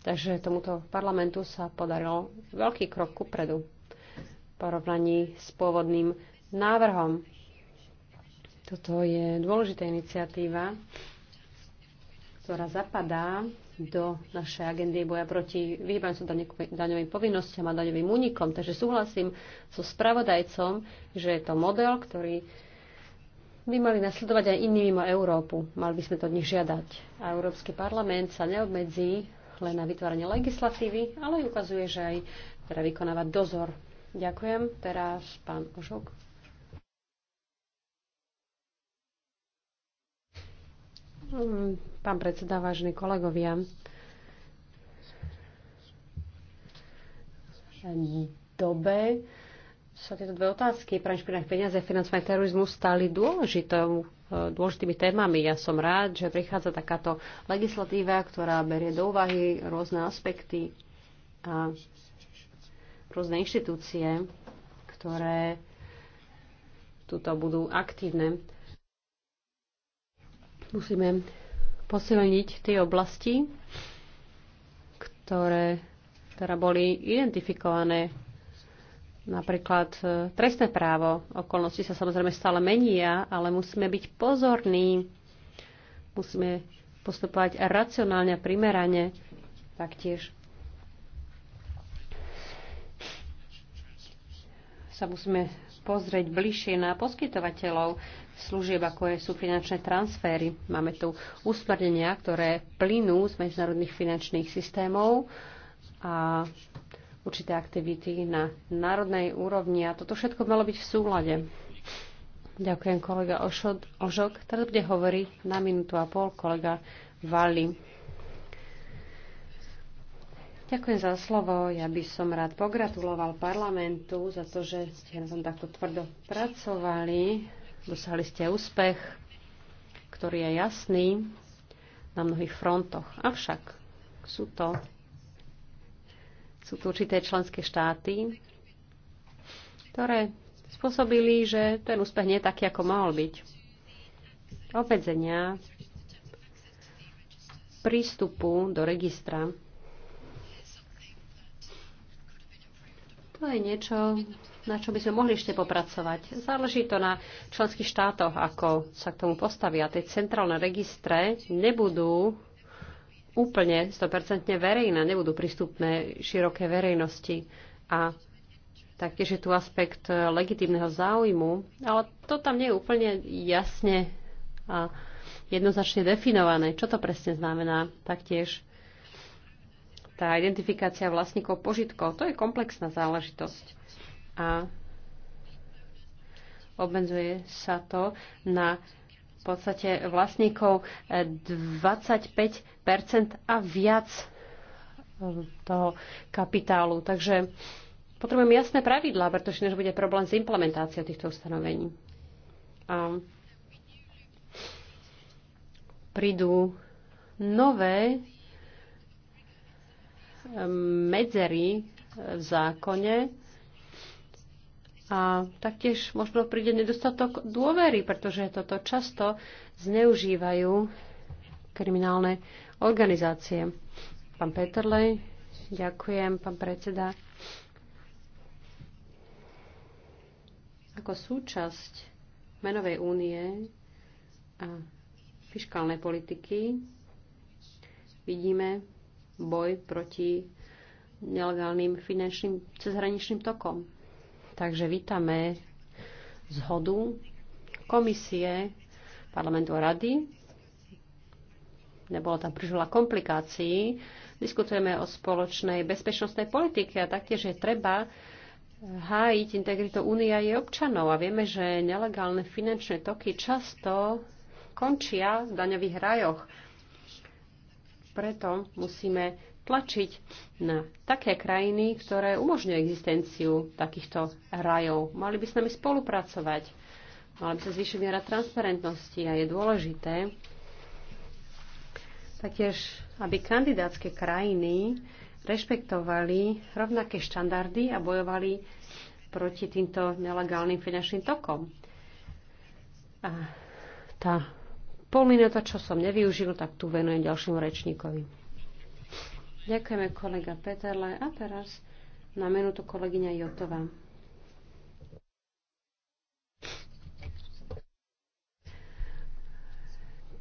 Takže tomuto parlamentu sa podaril veľký krok kupredu v porovnaní s pôvodným návrhom. Toto je dôležitá iniciatíva, ktorá zapadá do našej agendy boja proti vyhýbaniu sa daňovým povinnostiam a daňovým únikom. Takže súhlasím so spravodajcom, že je to model, ktorý by mali nasledovať aj iní mimo Európu. Mali by sme to od nich žiadať. A Európsky parlament sa neobmedzí len na vytváranie legislatívy, ale ukazuje, že aj teda vykonáva dozor. Ďakujem. Teraz pán Ožok. Pán predseda, vážení kolegovia, dobe sa tieto dve otázky pre peniaze a financovanie terorizmu stali dôležitou, e, dôležitými témami. Ja som rád, že prichádza takáto legislatíva, ktorá berie do úvahy rôzne aspekty a rôzne inštitúcie, ktoré tuto budú aktívne. Musíme posilniť tie oblasti, ktoré teda boli identifikované Napríklad e, trestné právo. Okolnosti sa samozrejme stále menia, ale musíme byť pozorní. Musíme postupovať racionálne a primerane taktiež. Sa musíme pozrieť bližšie na poskytovateľov služieb, ako sú finančné transfery. Máme tu usmernenia, ktoré plynú z medzinárodných finančných systémov a určité aktivity na národnej úrovni a toto všetko malo byť v súlade. Ďakujem kolega Ošod, Ožok. Teraz bude hovoriť na minútu a pol kolega Vali. Ďakujem za slovo. Ja by som rád pogratuloval parlamentu za to, že ste na tom takto tvrdo pracovali. Dosahli ste úspech, ktorý je jasný na mnohých frontoch. Avšak sú to sú tu určité členské štáty, ktoré spôsobili, že ten úspech nie je taký, ako mohol byť. Obmedzenia prístupu do registra. To je niečo, na čo by sme mohli ešte popracovať. Záleží to na členských štátoch, ako sa k tomu postavia. Tie centrálne registre nebudú úplne 100% verejná, nebudú prístupné široké verejnosti. A taktiež je tu aspekt e, legitímneho záujmu, ale to tam nie je úplne jasne a jednoznačne definované, čo to presne znamená taktiež tá identifikácia vlastníkov požitkov, to je komplexná záležitosť. A obmedzuje sa to na v podstate vlastníkov 25 a viac um, toho kapitálu. Takže potrebujem jasné pravidlá, pretože než bude problém s implementáciou týchto ustanovení. A prídu nové um, medzery v zákone, a taktiež možno príde nedostatok dôvery, pretože toto často zneužívajú kriminálne organizácie. Pán Peterlej, ďakujem, pán predseda. Ako súčasť menovej únie a fiskálnej politiky vidíme boj proti nelegálnym finančným cezhraničným tokom. Takže vítame zhodu komisie parlamentu a rady. Nebolo tam príliš veľa komplikácií. Diskutujeme o spoločnej bezpečnostnej politike a taktiež je treba hájiť integritu únia jej občanov. A vieme, že nelegálne finančné toky často končia v daňových rajoch. Preto musíme tlačiť na také krajiny, ktoré umožňujú existenciu takýchto rajov. Mali by s nami spolupracovať, mali by sa zvýšiť miera transparentnosti a je dôležité taktiež, aby kandidátske krajiny rešpektovali rovnaké štandardy a bojovali proti týmto nelegálnym finančným tokom. A tá pol minúta, čo som nevyužil, tak tu venujem ďalšiemu rečníkovi. Ďakujeme kolega Peterle a teraz na minútu kolegyňa Jotová.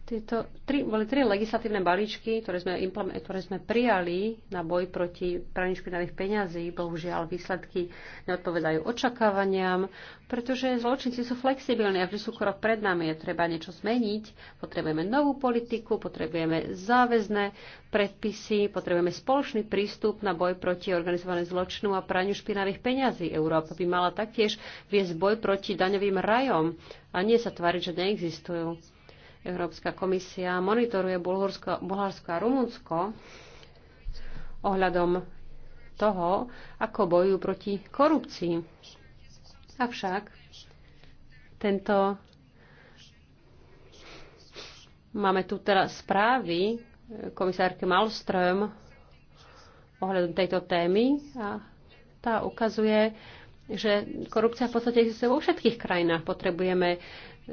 Tieto tri, boli tri legislatívne balíčky, ktoré sme, ktoré sme prijali na boj proti praní špinavých peňazí. Bohužiaľ, výsledky neodpovedajú očakávaniam, pretože zločinci sú flexibilní a vždy sú krok pred nami. Je treba niečo zmeniť, potrebujeme novú politiku, potrebujeme záväzné predpisy, potrebujeme spoločný prístup na boj proti organizovaným zločinu a praniu špinavých peňazí. Európa by mala taktiež viesť boj proti daňovým rajom a nie sa tváriť, že neexistujú Európska komisia monitoruje Bulharsko, Bulharsko a Rumunsko ohľadom toho, ako bojujú proti korupcii. Avšak tento máme tu teraz správy eh, komisárky Malström ohľadom tejto témy a tá ukazuje, že korupcia v podstate existuje vo všetkých krajinách. Potrebujeme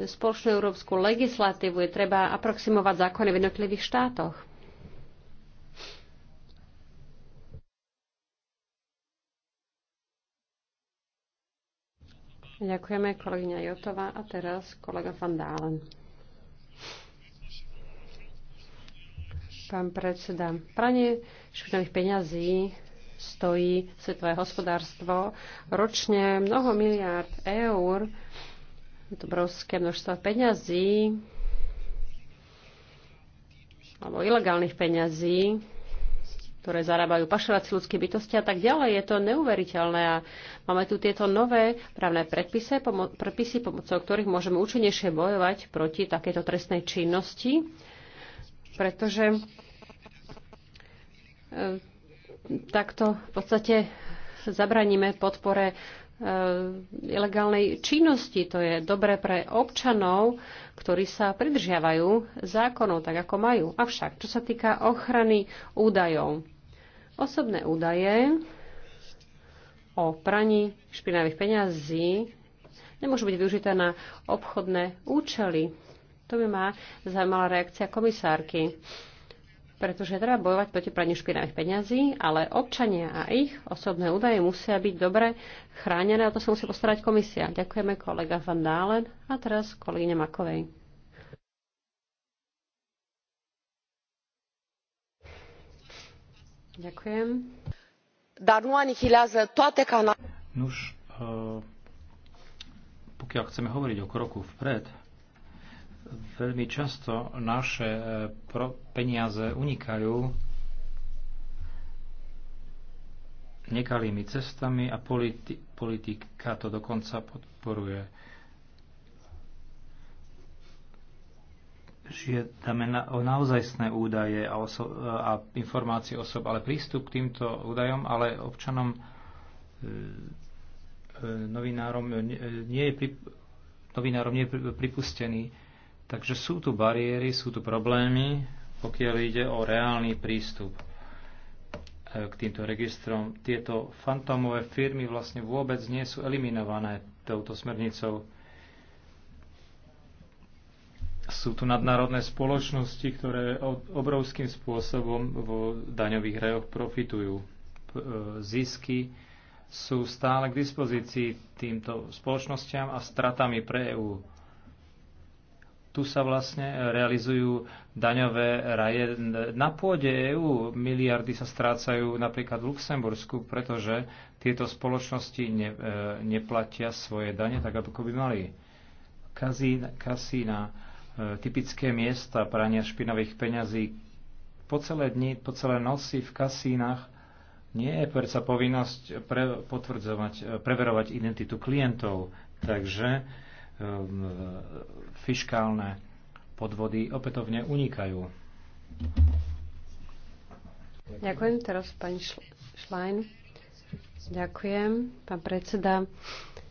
spoločnú európsku legislatívu, je treba aproximovať zákony v jednotlivých štátoch. Ďakujeme, kolegyňa Jotová. A teraz kolega Van Dálen. Pán predseda, pranie špinavých peňazí stojí svetové hospodárstvo ročne mnoho miliárd eur obrovské množstva peňazí alebo ilegálnych peňazí, ktoré zarábajú pašovací ľudské bytosti a tak ďalej. Je to neuveriteľné a máme tu tieto nové právne predpisy, pomo- predpisy pomocou ktorých môžeme účinnejšie bojovať proti takéto trestnej činnosti, pretože e, takto v podstate zabraníme podpore Eh, ilegálnej činnosti. To je dobré pre občanov, ktorí sa pridržiavajú zákonov tak, ako majú. Avšak, čo sa týka ochrany údajov, osobné údaje o praní špinavých peňazí nemôžu byť využité na obchodné účely. To by ma zaujímala reakcia komisárky pretože treba bojovať proti praniu špinavých peňazí, ale občania a ich osobné údaje musia byť dobre chránené a to sa musí postarať komisia. Ďakujeme kolega Van Dálen a teraz kolegyne Makovej. Ďakujem. Dar nu anihilează toate Nuž, eh, pokiaľ chceme hovoriť o kroku vpred, Veľmi často naše e, peniaze unikajú nekalými cestami a politi- politika to dokonca podporuje. Žiadame na- o naozajstné údaje a, oso- a informácie osob, ale prístup k týmto údajom, ale občanom, e, e, novinárom, e, nie je pri- novinárom nie je pripustený Takže sú tu bariéry, sú tu problémy, pokiaľ ide o reálny prístup e, k týmto registrom. Tieto fantómové firmy vlastne vôbec nie sú eliminované touto smernicou. Sú tu nadnárodné spoločnosti, ktoré obrovským spôsobom vo daňových rajoch profitujú. E, zisky sú stále k dispozícii týmto spoločnosťam a stratami pre EÚ tu sa vlastne e, realizujú daňové raje na pôde EÚ. Miliardy sa strácajú napríklad v Luxembursku, pretože tieto spoločnosti ne, e, neplatia svoje dane tak, ako by mali. Kazín, kasína, e, typické miesta prania špinavých peňazí po celé dni, po celé nosy v kasínach nie je predsa povinnosť pre, potvrdzovať, preverovať identitu klientov. Takže Ehm, fiškálne podvody opätovne unikajú. Ďakujem teraz pani Šlajn. Ďakujem, pán predseda.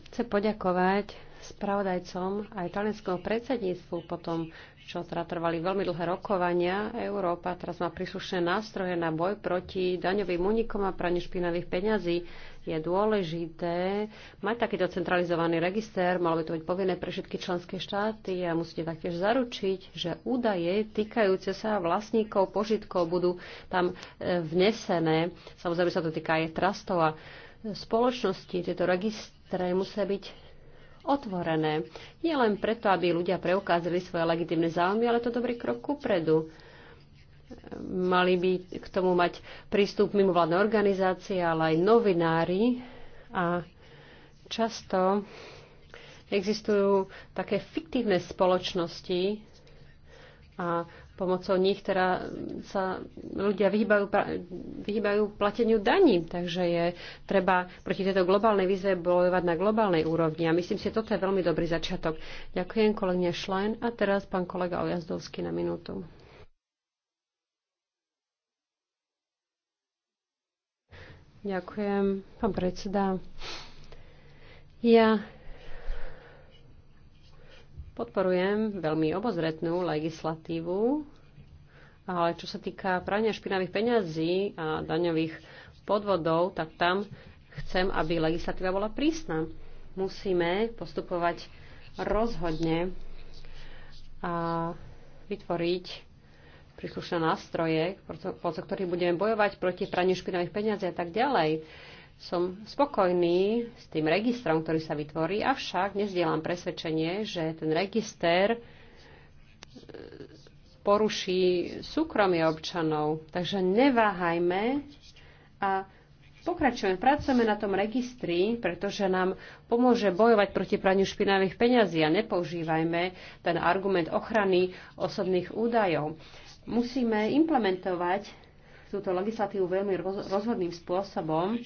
Chcem poďakovať spravodajcom a italianskému predsedníctvu potom, čo teda trvali veľmi dlhé rokovania. Európa teraz má príslušné nástroje na boj proti daňovým únikom a praniu špinavých peňazí je dôležité mať takýto centralizovaný register, malo by to byť povinné pre všetky členské štáty a musíte taktiež zaručiť, že údaje týkajúce sa vlastníkov požitkov budú tam e, vnesené. Samozrejme sa to týka aj trastov a spoločnosti. Tieto registre musia byť otvorené. Nie len preto, aby ľudia preukázali svoje legitimné záujmy, ale to dobrý krok kupredu. predu Mali by k tomu mať prístup mimovládne organizácie, ale aj novinári. A často existujú také fiktívne spoločnosti a pomocou nich teda sa ľudia vyhýbajú, vyhýbajú plateniu daní. Takže je treba proti tejto globálnej výzve bojovať na globálnej úrovni. A myslím si, že toto je veľmi dobrý začiatok. Ďakujem kolegne Schlein a teraz pán kolega Ojazdovský na minútu. Ďakujem, pán predseda. Ja podporujem veľmi obozretnú legislatívu, ale čo sa týka prania špinavých peňazí a daňových podvodov, tak tam chcem, aby legislatíva bola prísna. Musíme postupovať rozhodne a vytvoriť príslušné nástroje, pod ktorých budeme bojovať proti praniu špinavých peniazí a tak ďalej. Som spokojný s tým registrom, ktorý sa vytvorí, avšak nezdielam presvedčenie, že ten register e, poruší súkromie občanov. Takže neváhajme a pokračujeme, pracujeme na tom registri, pretože nám pomôže bojovať proti praniu špinavých peňazí a nepoužívajme ten argument ochrany osobných údajov musíme implementovať túto legislatívu veľmi rozhodným spôsobom.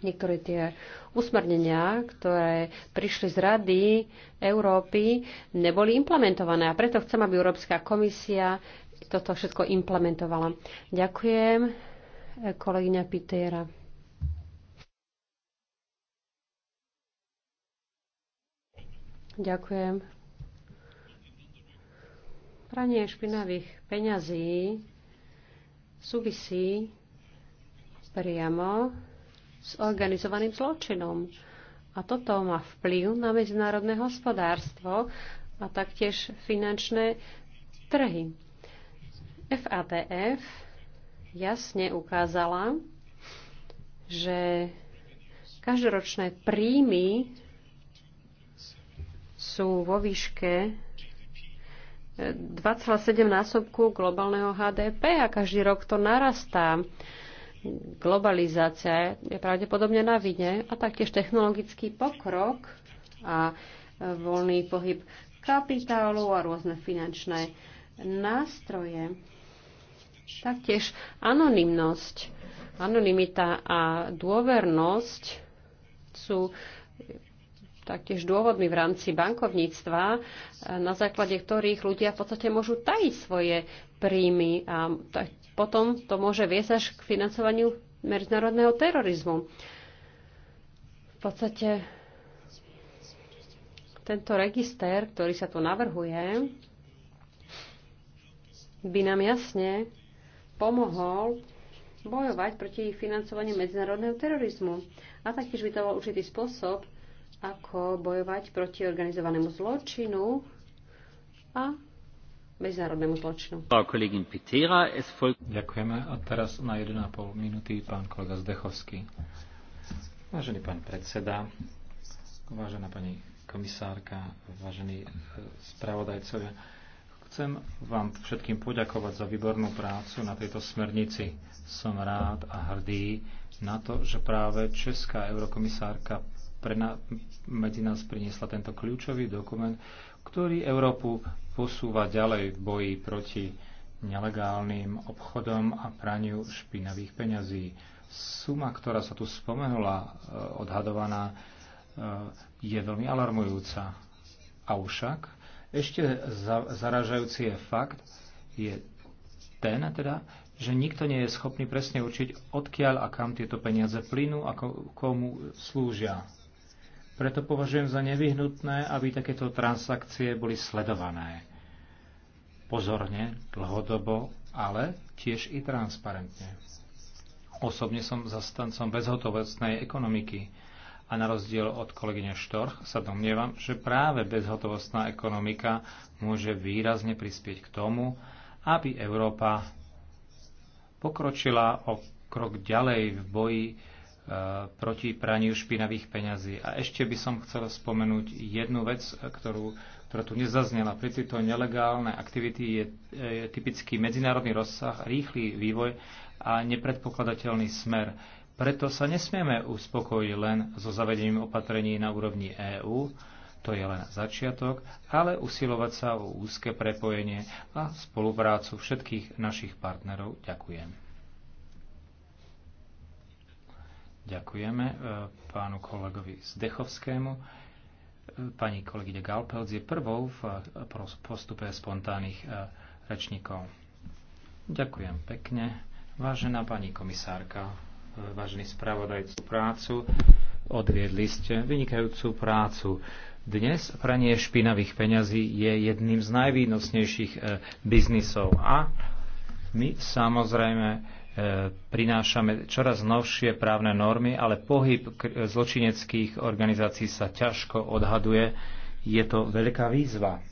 Niektoré tie usmernenia, ktoré prišli z Rady Európy, neboli implementované a preto chcem, aby Európska komisia toto všetko implementovala. Ďakujem, kolegyňa Pitera. Ďakujem. Pranie špinavých peňazí súvisí priamo s organizovaným zločinom. A toto má vplyv na medzinárodné hospodárstvo a taktiež finančné trhy. FATF jasne ukázala, že každoročné príjmy sú vo výške 2,7 násobku globálneho HDP a každý rok to narastá. Globalizácia je pravdepodobne na vine a taktiež technologický pokrok a voľný pohyb kapitálu a rôzne finančné nástroje. Taktiež anonymnosť, anonymita a dôvernosť sú taktiež dôvodmi v rámci bankovníctva, e, na základe ktorých ľudia v podstate môžu tajiť svoje príjmy a potom to môže viesť až k financovaniu medzinárodného terorizmu. V podstate tento register, ktorý sa tu navrhuje, by nám jasne pomohol bojovať proti financovaniu medzinárodného terorizmu. A taktiež by to bol určitý spôsob, ako bojovať proti organizovanému zločinu a medzinárodnému zločinu. Ďakujeme. A teraz na 1,5 minúty pán kolega Zdechovský. Vážený pán predseda, vážená pani komisárka, vážení e, spravodajcovia, chcem vám všetkým poďakovať za výbornú prácu na tejto smernici. Som rád a hrdý na to, že práve česká eurokomisárka pre na, medzi nás priniesla tento kľúčový dokument, ktorý Európu posúva ďalej v boji proti nelegálnym obchodom a praniu špinavých peňazí. Suma, ktorá sa tu spomenula, e, odhadovaná, e, je veľmi alarmujúca. Avšak ešte zaražajúci je fakt, je ten teda, že nikto nie je schopný presne určiť, odkiaľ a kam tieto peniaze plynú a komu slúžia. Preto považujem za nevyhnutné, aby takéto transakcie boli sledované. Pozorne, dlhodobo, ale tiež i transparentne. Osobne som zastancom bezhotovostnej ekonomiky a na rozdiel od kolegyne Štorch sa domnievam, že práve bezhotovostná ekonomika môže výrazne prispieť k tomu, aby Európa pokročila o krok ďalej v boji proti praniu špinavých peňazí. A ešte by som chcel spomenúť jednu vec, ktorú, ktorá tu nezaznela. Pri tejto nelegálne aktivity je, je typický medzinárodný rozsah, rýchly vývoj a nepredpokladateľný smer. Preto sa nesmieme uspokojiť len so zavedením opatrení na úrovni EÚ, to je len začiatok, ale usilovať sa o úzke prepojenie a spoluprácu všetkých našich partnerov. Ďakujem. Ďakujeme e, pánu kolegovi Zdechovskému. E, pani kolegyne Galpelc je prvou v e, postupe spontánnych rečníkov. Ďakujem pekne. Vážená pani komisárka, vážený spravodajcu prácu, odviedli ste vynikajúcu prácu. Dnes pranie špinavých peňazí je jedným z najvýnosnejších biznisov a my samozrejme E, prinášame čoraz novšie právne normy, ale pohyb e, zločineckých organizácií sa ťažko odhaduje. Je to veľká výzva.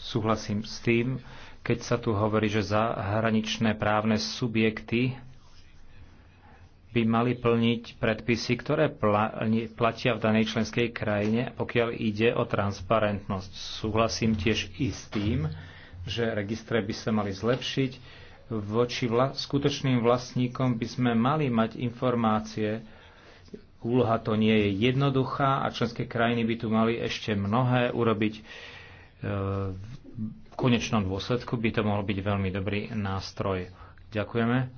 Súhlasím s tým, keď sa tu hovorí, že zahraničné právne subjekty by mali plniť predpisy, ktoré platia v danej členskej krajine, pokiaľ ide o transparentnosť. Súhlasím tiež i s tým, že registre by sa mali zlepšiť, voči vla- skutočným vlastníkom by sme mali mať informácie. Úloha to nie je jednoduchá a členské krajiny by tu mali ešte mnohé urobiť. E, v konečnom dôsledku by to mohol byť veľmi dobrý nástroj. Ďakujeme.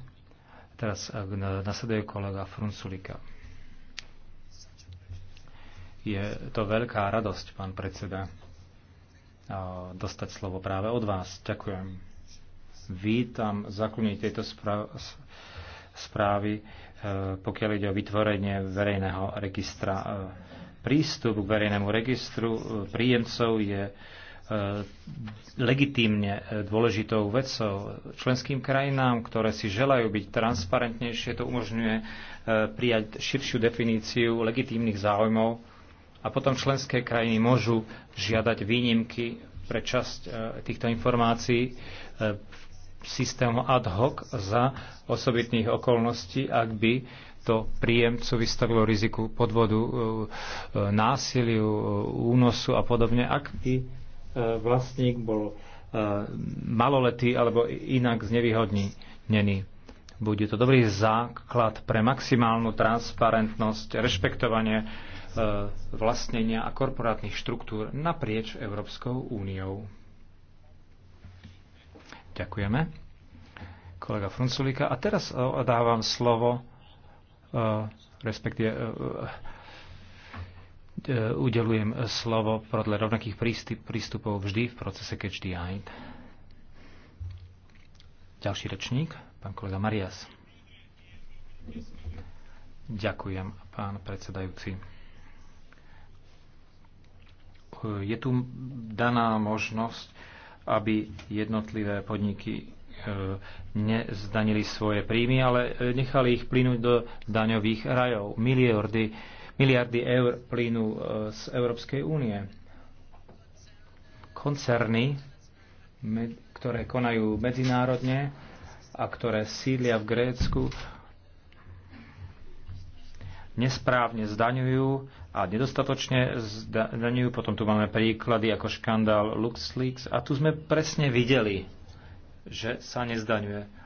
Teraz e, nasleduje kolega Frunculika. Je to veľká radosť, pán predseda, e, dostať slovo práve od vás. Ďakujem. Vítam zaklúniť tejto správy, e, pokiaľ ide o vytvorenie verejného registra. E, prístup k verejnému registru e, príjemcov je legitímne dôležitou vecou. Členským krajinám, ktoré si želajú byť transparentnejšie, to umožňuje prijať širšiu definíciu legitímnych záujmov a potom členské krajiny môžu žiadať výnimky pre časť týchto informácií systému ad hoc za osobitných okolností, ak by to príjemcu vystavilo riziku podvodu, e, e, násiliu, e, únosu a podobne, ak by vlastník bol maloletý alebo inak znevýhodnený. Bude to dobrý základ pre maximálnu transparentnosť, rešpektovanie vlastnenia a korporátnych štruktúr naprieč Európskou úniou. Ďakujeme. Kolega Frunculika. A teraz e, dávam slovo, e, respektíve e, udelujem slovo podľa rovnakých prístupov vždy v procese Catch the Eye. Ďalší rečník, pán kolega Marias. Ďakujem, pán predsedajúci. Je tu daná možnosť aby jednotlivé podniky e, nezdanili svoje príjmy, ale e, nechali ich plynúť do daňových rajov. Miliardy, miliardy eur plynú e, z Európskej únie. Koncerny, ktoré konajú medzinárodne a ktoré sídlia v Grécku, nesprávne zdaňujú a nedostatočne zdaňujú. Potom tu máme príklady ako škandál LuxLeaks a tu sme presne videli, že sa nezdaňuje.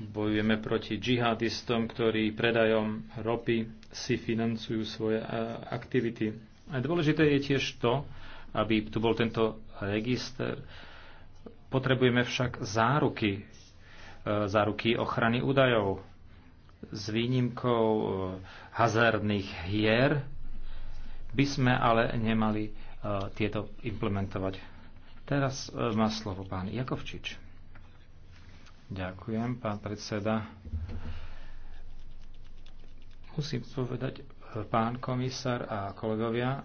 Bojujeme proti džihadistom, ktorí predajom ropy si financujú svoje e, aktivity. A dôležité je tiež to, aby tu bol tento register. Potrebujeme však záruky, e, záruky ochrany údajov s výnimkou e, hazardných hier, by sme ale nemali e, tieto implementovať. Teraz e, má slovo pán Jakovčič. Ďakujem, pán predseda. Musím povedať, pán komisár a kolegovia,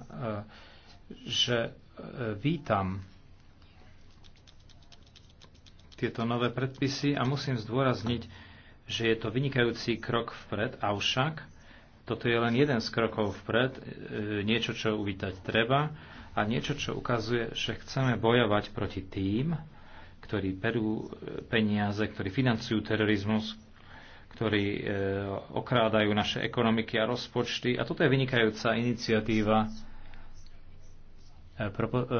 že vítam tieto nové predpisy a musím zdôrazniť, že je to vynikajúci krok vpred, avšak toto je len jeden z krokov vpred, e, niečo, čo uvítať treba a niečo, čo ukazuje, že chceme bojovať proti tým, ktorí perú e, peniaze, ktorí financujú terorizmus, ktorí e, okrádajú naše ekonomiky a rozpočty. A toto je vynikajúca iniciatíva.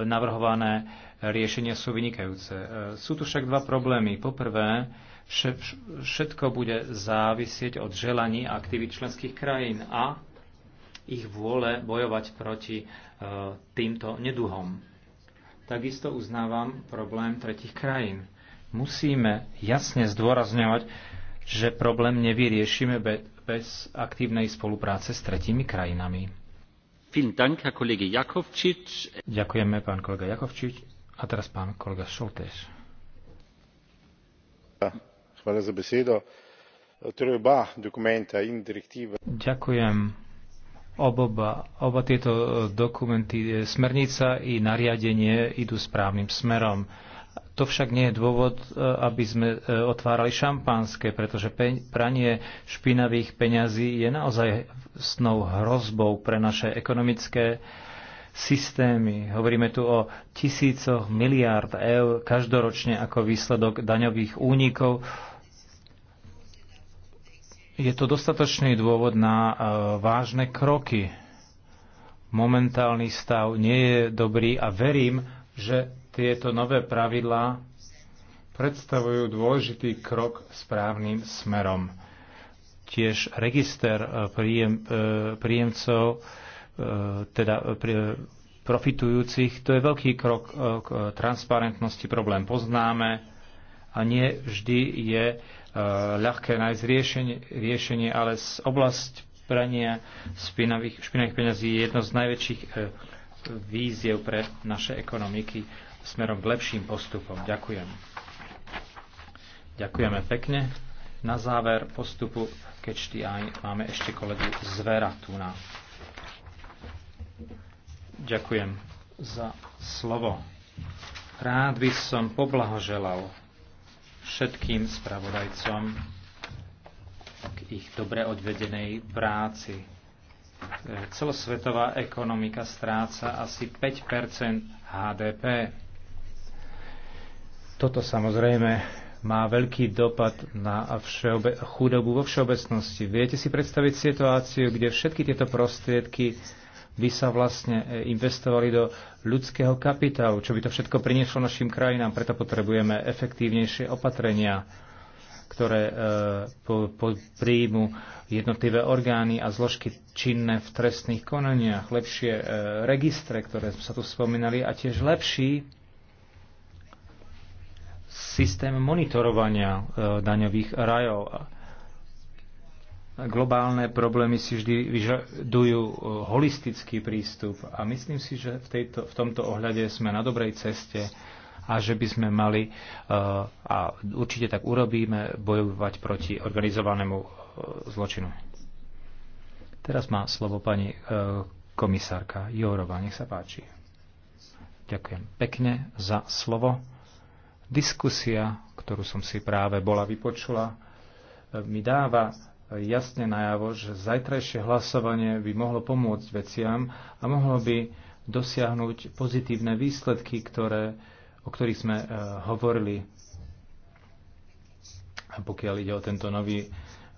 Navrhované riešenia sú vynikajúce. Sú tu však dva problémy. Poprvé, Všetko bude závisieť od želaní aktivít členských krajín a ich vôle bojovať proti e, týmto neduhom. Takisto uznávam problém tretich krajín. Musíme jasne zdôrazňovať, že problém nevyriešime bez aktívnej spolupráce s tretími krajinami. Ďakujeme, pán kolega Jakovčič. A teraz pán kolega Šoltéš. Ďakujem. oba tieto e, dokumenty, e, smernica i nariadenie idú správnym smerom. To však nie je dôvod, e, aby sme otvárali šampanské, pretože pranie špinavých peňazí je naozaj snou hrozbou pre naše ekonomické systémy. Hovoríme tu o tisícoch miliárd eur každoročne ako výsledok daňových únikov je to dostatočný dôvod na e, vážne kroky. Momentálny stav nie je dobrý a verím, že tieto nové pravidlá predstavujú dôležitý krok správnym smerom. Tiež register e, príjem, e, príjemcov, teda profitujúcich, to je veľký krok k transparentnosti. Problém poznáme a nie vždy je Eh, ľahké nájsť riešenie, riešenie ale z oblasť prania špinavých, špinavých peňazí je jedno z najväčších eh, víziev pre naše ekonomiky smerom k lepším postupom. Ďakujem. Ďakujeme pekne. Na záver postupu kečty aj máme ešte kolegu Zvera tu na. Ďakujem za slovo. Rád by som poblahoželal všetkým spravodajcom k ich dobre odvedenej práci. E, celosvetová ekonomika stráca asi 5 HDP. Toto samozrejme má veľký dopad na chudobu vo všeobecnosti. Viete si predstaviť situáciu, kde všetky tieto prostriedky by sa vlastne e, investovali do ľudského kapitálu, čo by to všetko prinieslo našim krajinám. Preto potrebujeme efektívnejšie opatrenia, ktoré e, po, po, príjmu jednotlivé orgány a zložky činné v trestných konaniach, lepšie e, registre, ktoré sa tu spomínali, a tiež lepší systém monitorovania e, daňových rajov globálne problémy si vždy vyžadujú eh, holistický prístup a myslím si, že v, tejto, v tomto ohľade sme na dobrej ceste a že by sme mali, eh, a určite tak urobíme, bojovať proti organizovanému eh, zločinu. Teraz má slovo pani komisárka Jourova. Nech sa páči. Ďakujem pekne za slovo. Diskusia, ktorú som si práve bola vypočula, mi dáva jasne najavo, že zajtrajšie hlasovanie by mohlo pomôcť veciam a mohlo by dosiahnuť pozitívne výsledky, ktoré, o ktorých sme e, hovorili. A pokiaľ ide o tento nový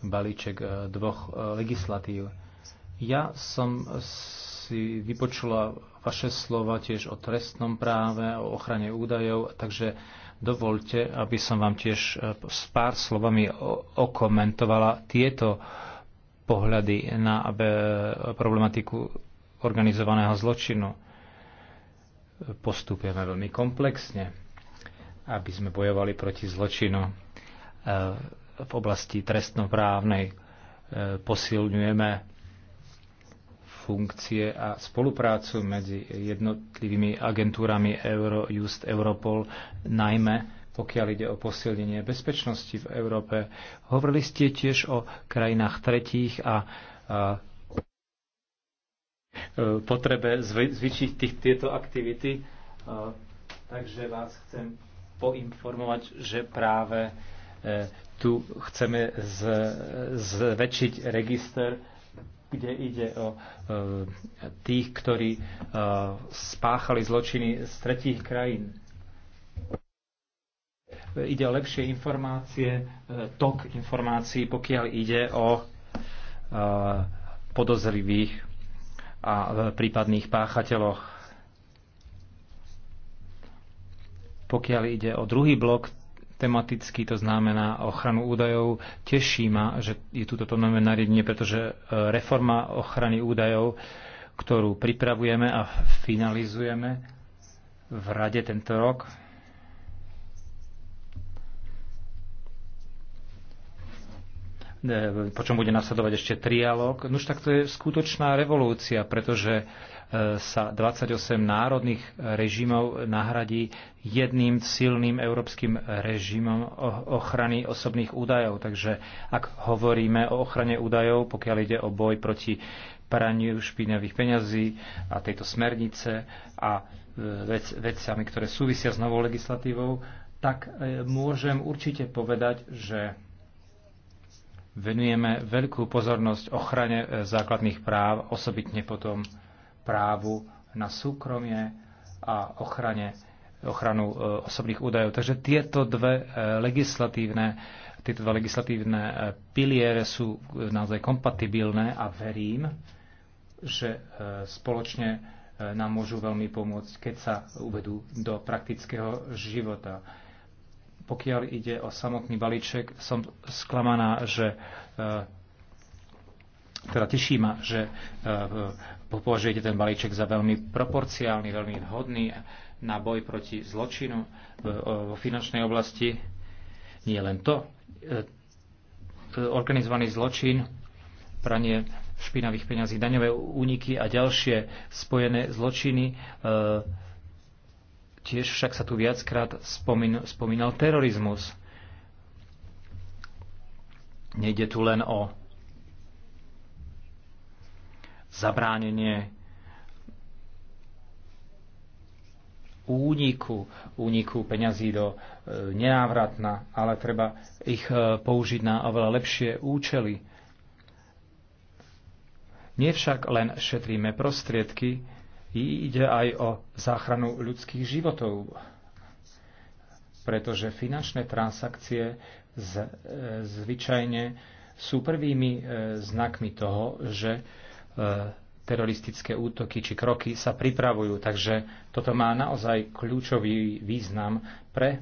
balíček e, dvoch e, legislatív. Ja som si vypočula vaše slova tiež o trestnom práve, o ochrane údajov, takže Dovolte, aby som vám tiež e, s pár slovami okomentovala tieto pohľady na e, problematiku organizovaného zločinu. Postupujeme veľmi komplexne, aby sme bojovali proti zločinu e, v oblasti trestnoprávnej. Posilňujeme funkcie a spoluprácu medzi jednotlivými agentúrami Eurojust, Europol, najmä pokiaľ ide o posilnenie bezpečnosti v Európe. Hovorili ste tiež o krajinách tretích a, a e, potrebe zvyšiť tých, tieto aktivity. E, takže vás chcem poinformovať, že práve e, tu chceme z, zväčšiť register kde ide o e, tých, ktorí e, spáchali zločiny z tretích krajín. Ide o lepšie informácie, e, tok informácií, pokiaľ ide o podozrivých a prípadných páchateľoch. Pokiaľ ide o druhý blok tematicky, to znamená ochranu údajov. Teší ma, že je tu toto nové nariadenie, pretože e, reforma ochrany údajov, ktorú pripravujeme a finalizujeme v rade tento rok, e, Po čom bude nasledovať ešte trialog. Nuž no tak to je skutočná revolúcia, pretože E, sa 28 národných režimov nahradí jedným silným európskym režimom ochrany osobných údajov. Takže ak hovoríme o ochrane údajov, pokiaľ ide o boj proti praniu špinavých peňazí a tejto smernice a e, vec, vecami, ktoré súvisia s novou legislatívou, tak e, môžem určite povedať, že venujeme veľkú pozornosť ochrane základných práv, osobitne potom právu na súkromie a ochrane, ochranu e, osobných údajov. Takže tieto dve e, legislatívne, tieto dva legislatívne e, piliere sú naozaj kompatibilné a verím, že spoločne nám môžu veľmi pomôcť, keď sa uvedú do praktického života. Pokiaľ ide o samotný balíček, som sklamaná, že teda teší ma, že považujete ten balíček za veľmi proporciálny, veľmi vhodný na boj proti zločinu vo finančnej oblasti. Nie len to. E, e, organizovaný zločin, pranie špinavých peňazí, daňové úniky a ďalšie spojené zločiny. E, tiež však sa tu viackrát spomínal terorizmus. Nejde tu len o zabránenie úniku, úniku peňazí do e, nenávratna, ale treba ich e, použiť na oveľa lepšie účely. Nevšak len šetríme prostriedky, ide aj o záchranu ľudských životov, pretože finančné transakcie z, e, zvyčajne sú prvými znakmi toho, že E, teroristické útoky či kroky sa pripravujú. Takže toto má naozaj kľúčový význam pre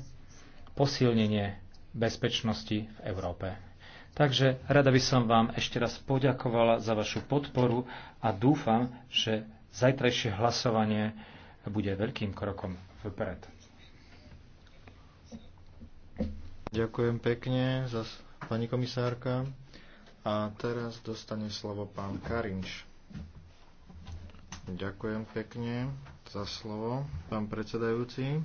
posilnenie bezpečnosti v Európe. Takže rada by som vám ešte raz poďakovala za vašu podporu a dúfam, že zajtrajšie hlasovanie bude veľkým krokom vpred. Ďakujem pekne za pani komisárka. A teraz dostane slovo pán Karinč. Ďakujem pekne za slovo, pán predsedajúci.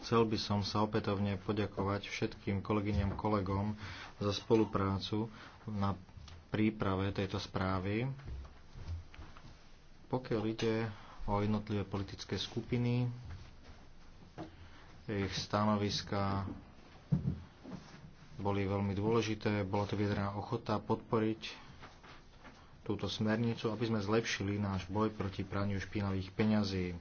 Chcel by som sa opätovne poďakovať všetkým kolegyňam kolegom za spoluprácu na príprave tejto správy. Pokiaľ ide o jednotlivé politické skupiny, ich stanoviska boli veľmi dôležité. Bola to vyjadrená ochota podporiť túto smernicu, aby sme zlepšili náš boj proti praniu špinavých peňazí.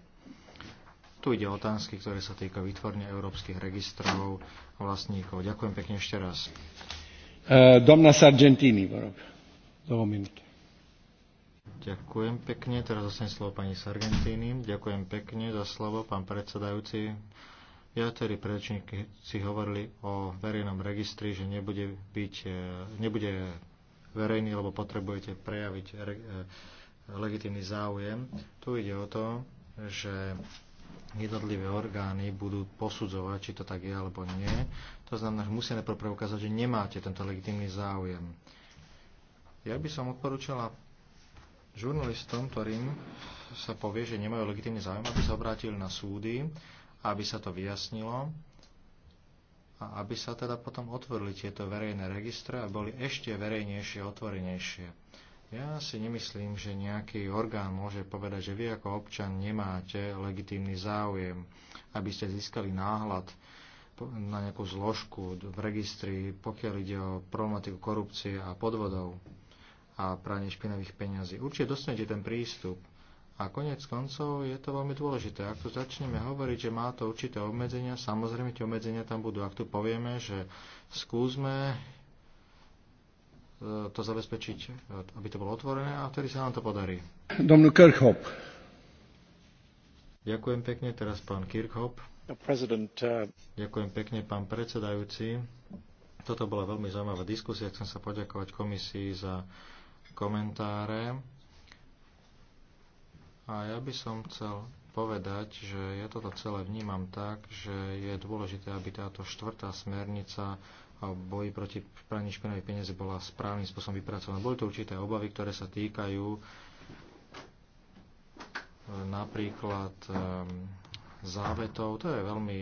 Tu ide o otázky, ktoré sa týka vytvorenia európskych registrov vlastníkov. Ďakujem pekne ešte raz. Uh, Domna Sargentini, do minúty. Ďakujem pekne. Teraz zase slovo pani Sargentini. Ďakujem pekne za slovo, pán predsedajúci, Viacerí prečníci hovorili o verejnom registri, že nebude, byť, e, nebude verejný, lebo potrebujete prejaviť re, e, legitímny záujem. Tu ide o to, že jednotlivé orgány budú posudzovať, či to tak je alebo nie. To znamená, že musia najprv preukázať, že nemáte tento legitímny záujem. Ja by som odporúčala žurnalistom, ktorým sa povie, že nemajú legitímny záujem, aby sa obrátili na súdy aby sa to vyjasnilo a aby sa teda potom otvorili tieto verejné registre a boli ešte verejnejšie, otvorenejšie. Ja si nemyslím, že nejaký orgán môže povedať, že vy ako občan nemáte legitímny záujem, aby ste získali náhľad na nejakú zložku v registri, pokiaľ ide o problematiku korupcie a podvodov a pranie špinavých peňazí. Určite dostanete ten prístup, a konec koncov je to veľmi dôležité. Ak tu začneme hovoriť, že má to určité obmedzenia, samozrejme tie obmedzenia tam budú. Ak tu povieme, že skúsme e, to zabezpečiť, e, aby to bolo otvorené a vtedy sa nám to podarí. Domnú Kirchhoff. Ďakujem pekne, teraz pán Kirchhoff. Uh, Ďakujem pekne, pán predsedajúci. Toto bola veľmi zaujímavá diskusia. Chcem sa poďakovať komisii za komentáre a ja by som chcel povedať, že ja toto celé vnímam tak, že je dôležité, aby táto štvrtá smernica a boji proti praní špinavých peniazy bola správnym spôsobom vypracovaná. Boli to určité obavy, ktoré sa týkajú e, napríklad e, závetov. To je veľmi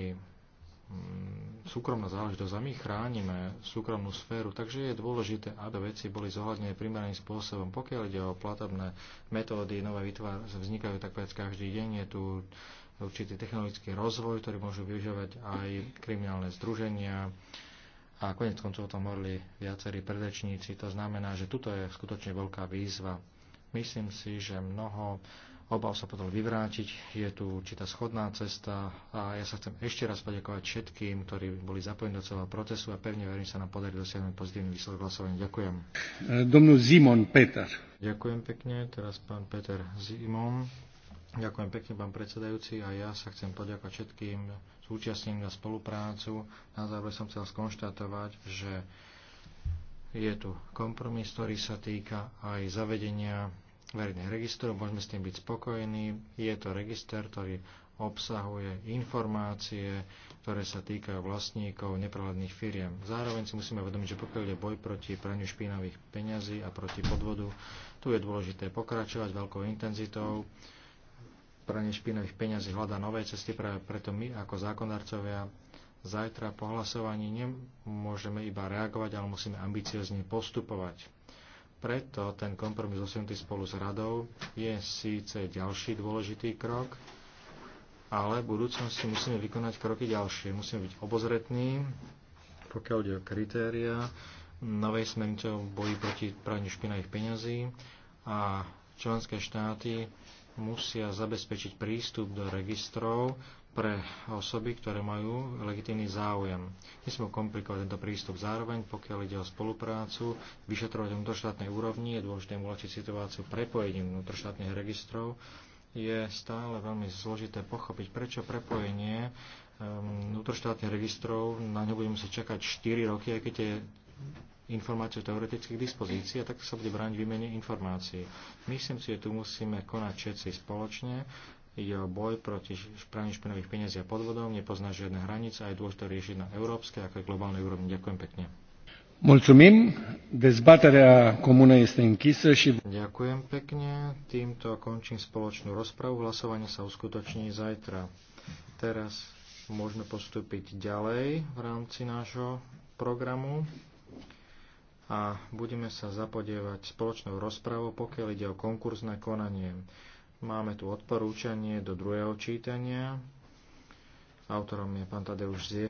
Mm, súkromná záležitosť a my chránime súkromnú sféru, takže je dôležité, aby veci boli zohľadnené primeraným spôsobom. Pokiaľ ide o platobné metódy, nové vytvár vznikajú tak povedz každý deň, je tu určitý technologický rozvoj, ktorý môžu využívať aj kriminálne združenia, a konec koncov o tom hovorili viacerí predečníci. To znamená, že tuto je skutočne veľká výzva. Myslím si, že mnoho Obal sa potom vyvrátiť. Je tu určitá schodná cesta a ja sa chcem ešte raz poďakovať všetkým, ktorí boli zapojení do celého procesu a pevne verím, sa nám podarí dosiahnuť pozitívny výsledok hlasovania. Ďakujem. E, Domnú Zimon Peter. Ďakujem pekne. Teraz pán Peter Zimon. Ďakujem pekne, pán predsedajúci, a ja sa chcem poďakovať všetkým súčasným na spoluprácu. Na záver som chcel skonštatovať, že je tu kompromis, ktorý sa týka aj zavedenia verejných registrov, môžeme s tým byť spokojní. Je to register, ktorý obsahuje informácie, ktoré sa týkajú vlastníkov neprehľadných firiem. Zároveň si musíme vedomiť, že pokiaľ je boj proti praniu špinavých peňazí a proti podvodu, tu je dôležité pokračovať veľkou intenzitou. Pranie špinavých peňazí hľadá nové cesty, práve preto my ako zákonarcovia zajtra po hlasovaní nemôžeme iba reagovať, ale musíme ambiciozne postupovať. Preto ten kompromis dosiahnutý spolu s radou je síce ďalší dôležitý krok, ale v budúcnosti musíme vykonať kroky ďalšie. Musíme byť obozretní, pokiaľ ide o kritéria novej smernice o boji proti praniu špinavých peňazí a členské štáty musia zabezpečiť prístup do registrov pre osoby, ktoré majú legitímny záujem. Nesmú komplikovať tento prístup. Zároveň, pokiaľ ide o spoluprácu, vyšetrovať vnútroštátnej úrovni, je dôležité im uľahčiť situáciu prepojením vnútroštátnych registrov. Je stále veľmi zložité pochopiť, prečo prepojenie vnútroštátnych registrov, na ňo budeme musieť čakať 4 roky, aj keď je informáciu teoretických dispozícií a takto sa bude brániť výmene informácií. Myslím si, že tu musíme konať všetci spoločne Ide o boj proti praniu špinavých peniazí a podvodov, nepozná žiadne hranice a je dôležité riešiť na európskej ako aj globálnej úrovni. Ďakujem pekne. Mulțumim. Dezbaterea comună este închisă și... Ďakujem pekne. Týmto končím spoločnú rozpravu. Hlasovanie sa uskutoční zajtra. Teraz môžeme postúpiť ďalej v rámci nášho programu a budeme sa zapodievať spoločnou rozpravou, pokiaľ ide o konkurzné konanie. Máme tu odporúčanie do druhého čítania. Autorom je pán Tadeusz Zier.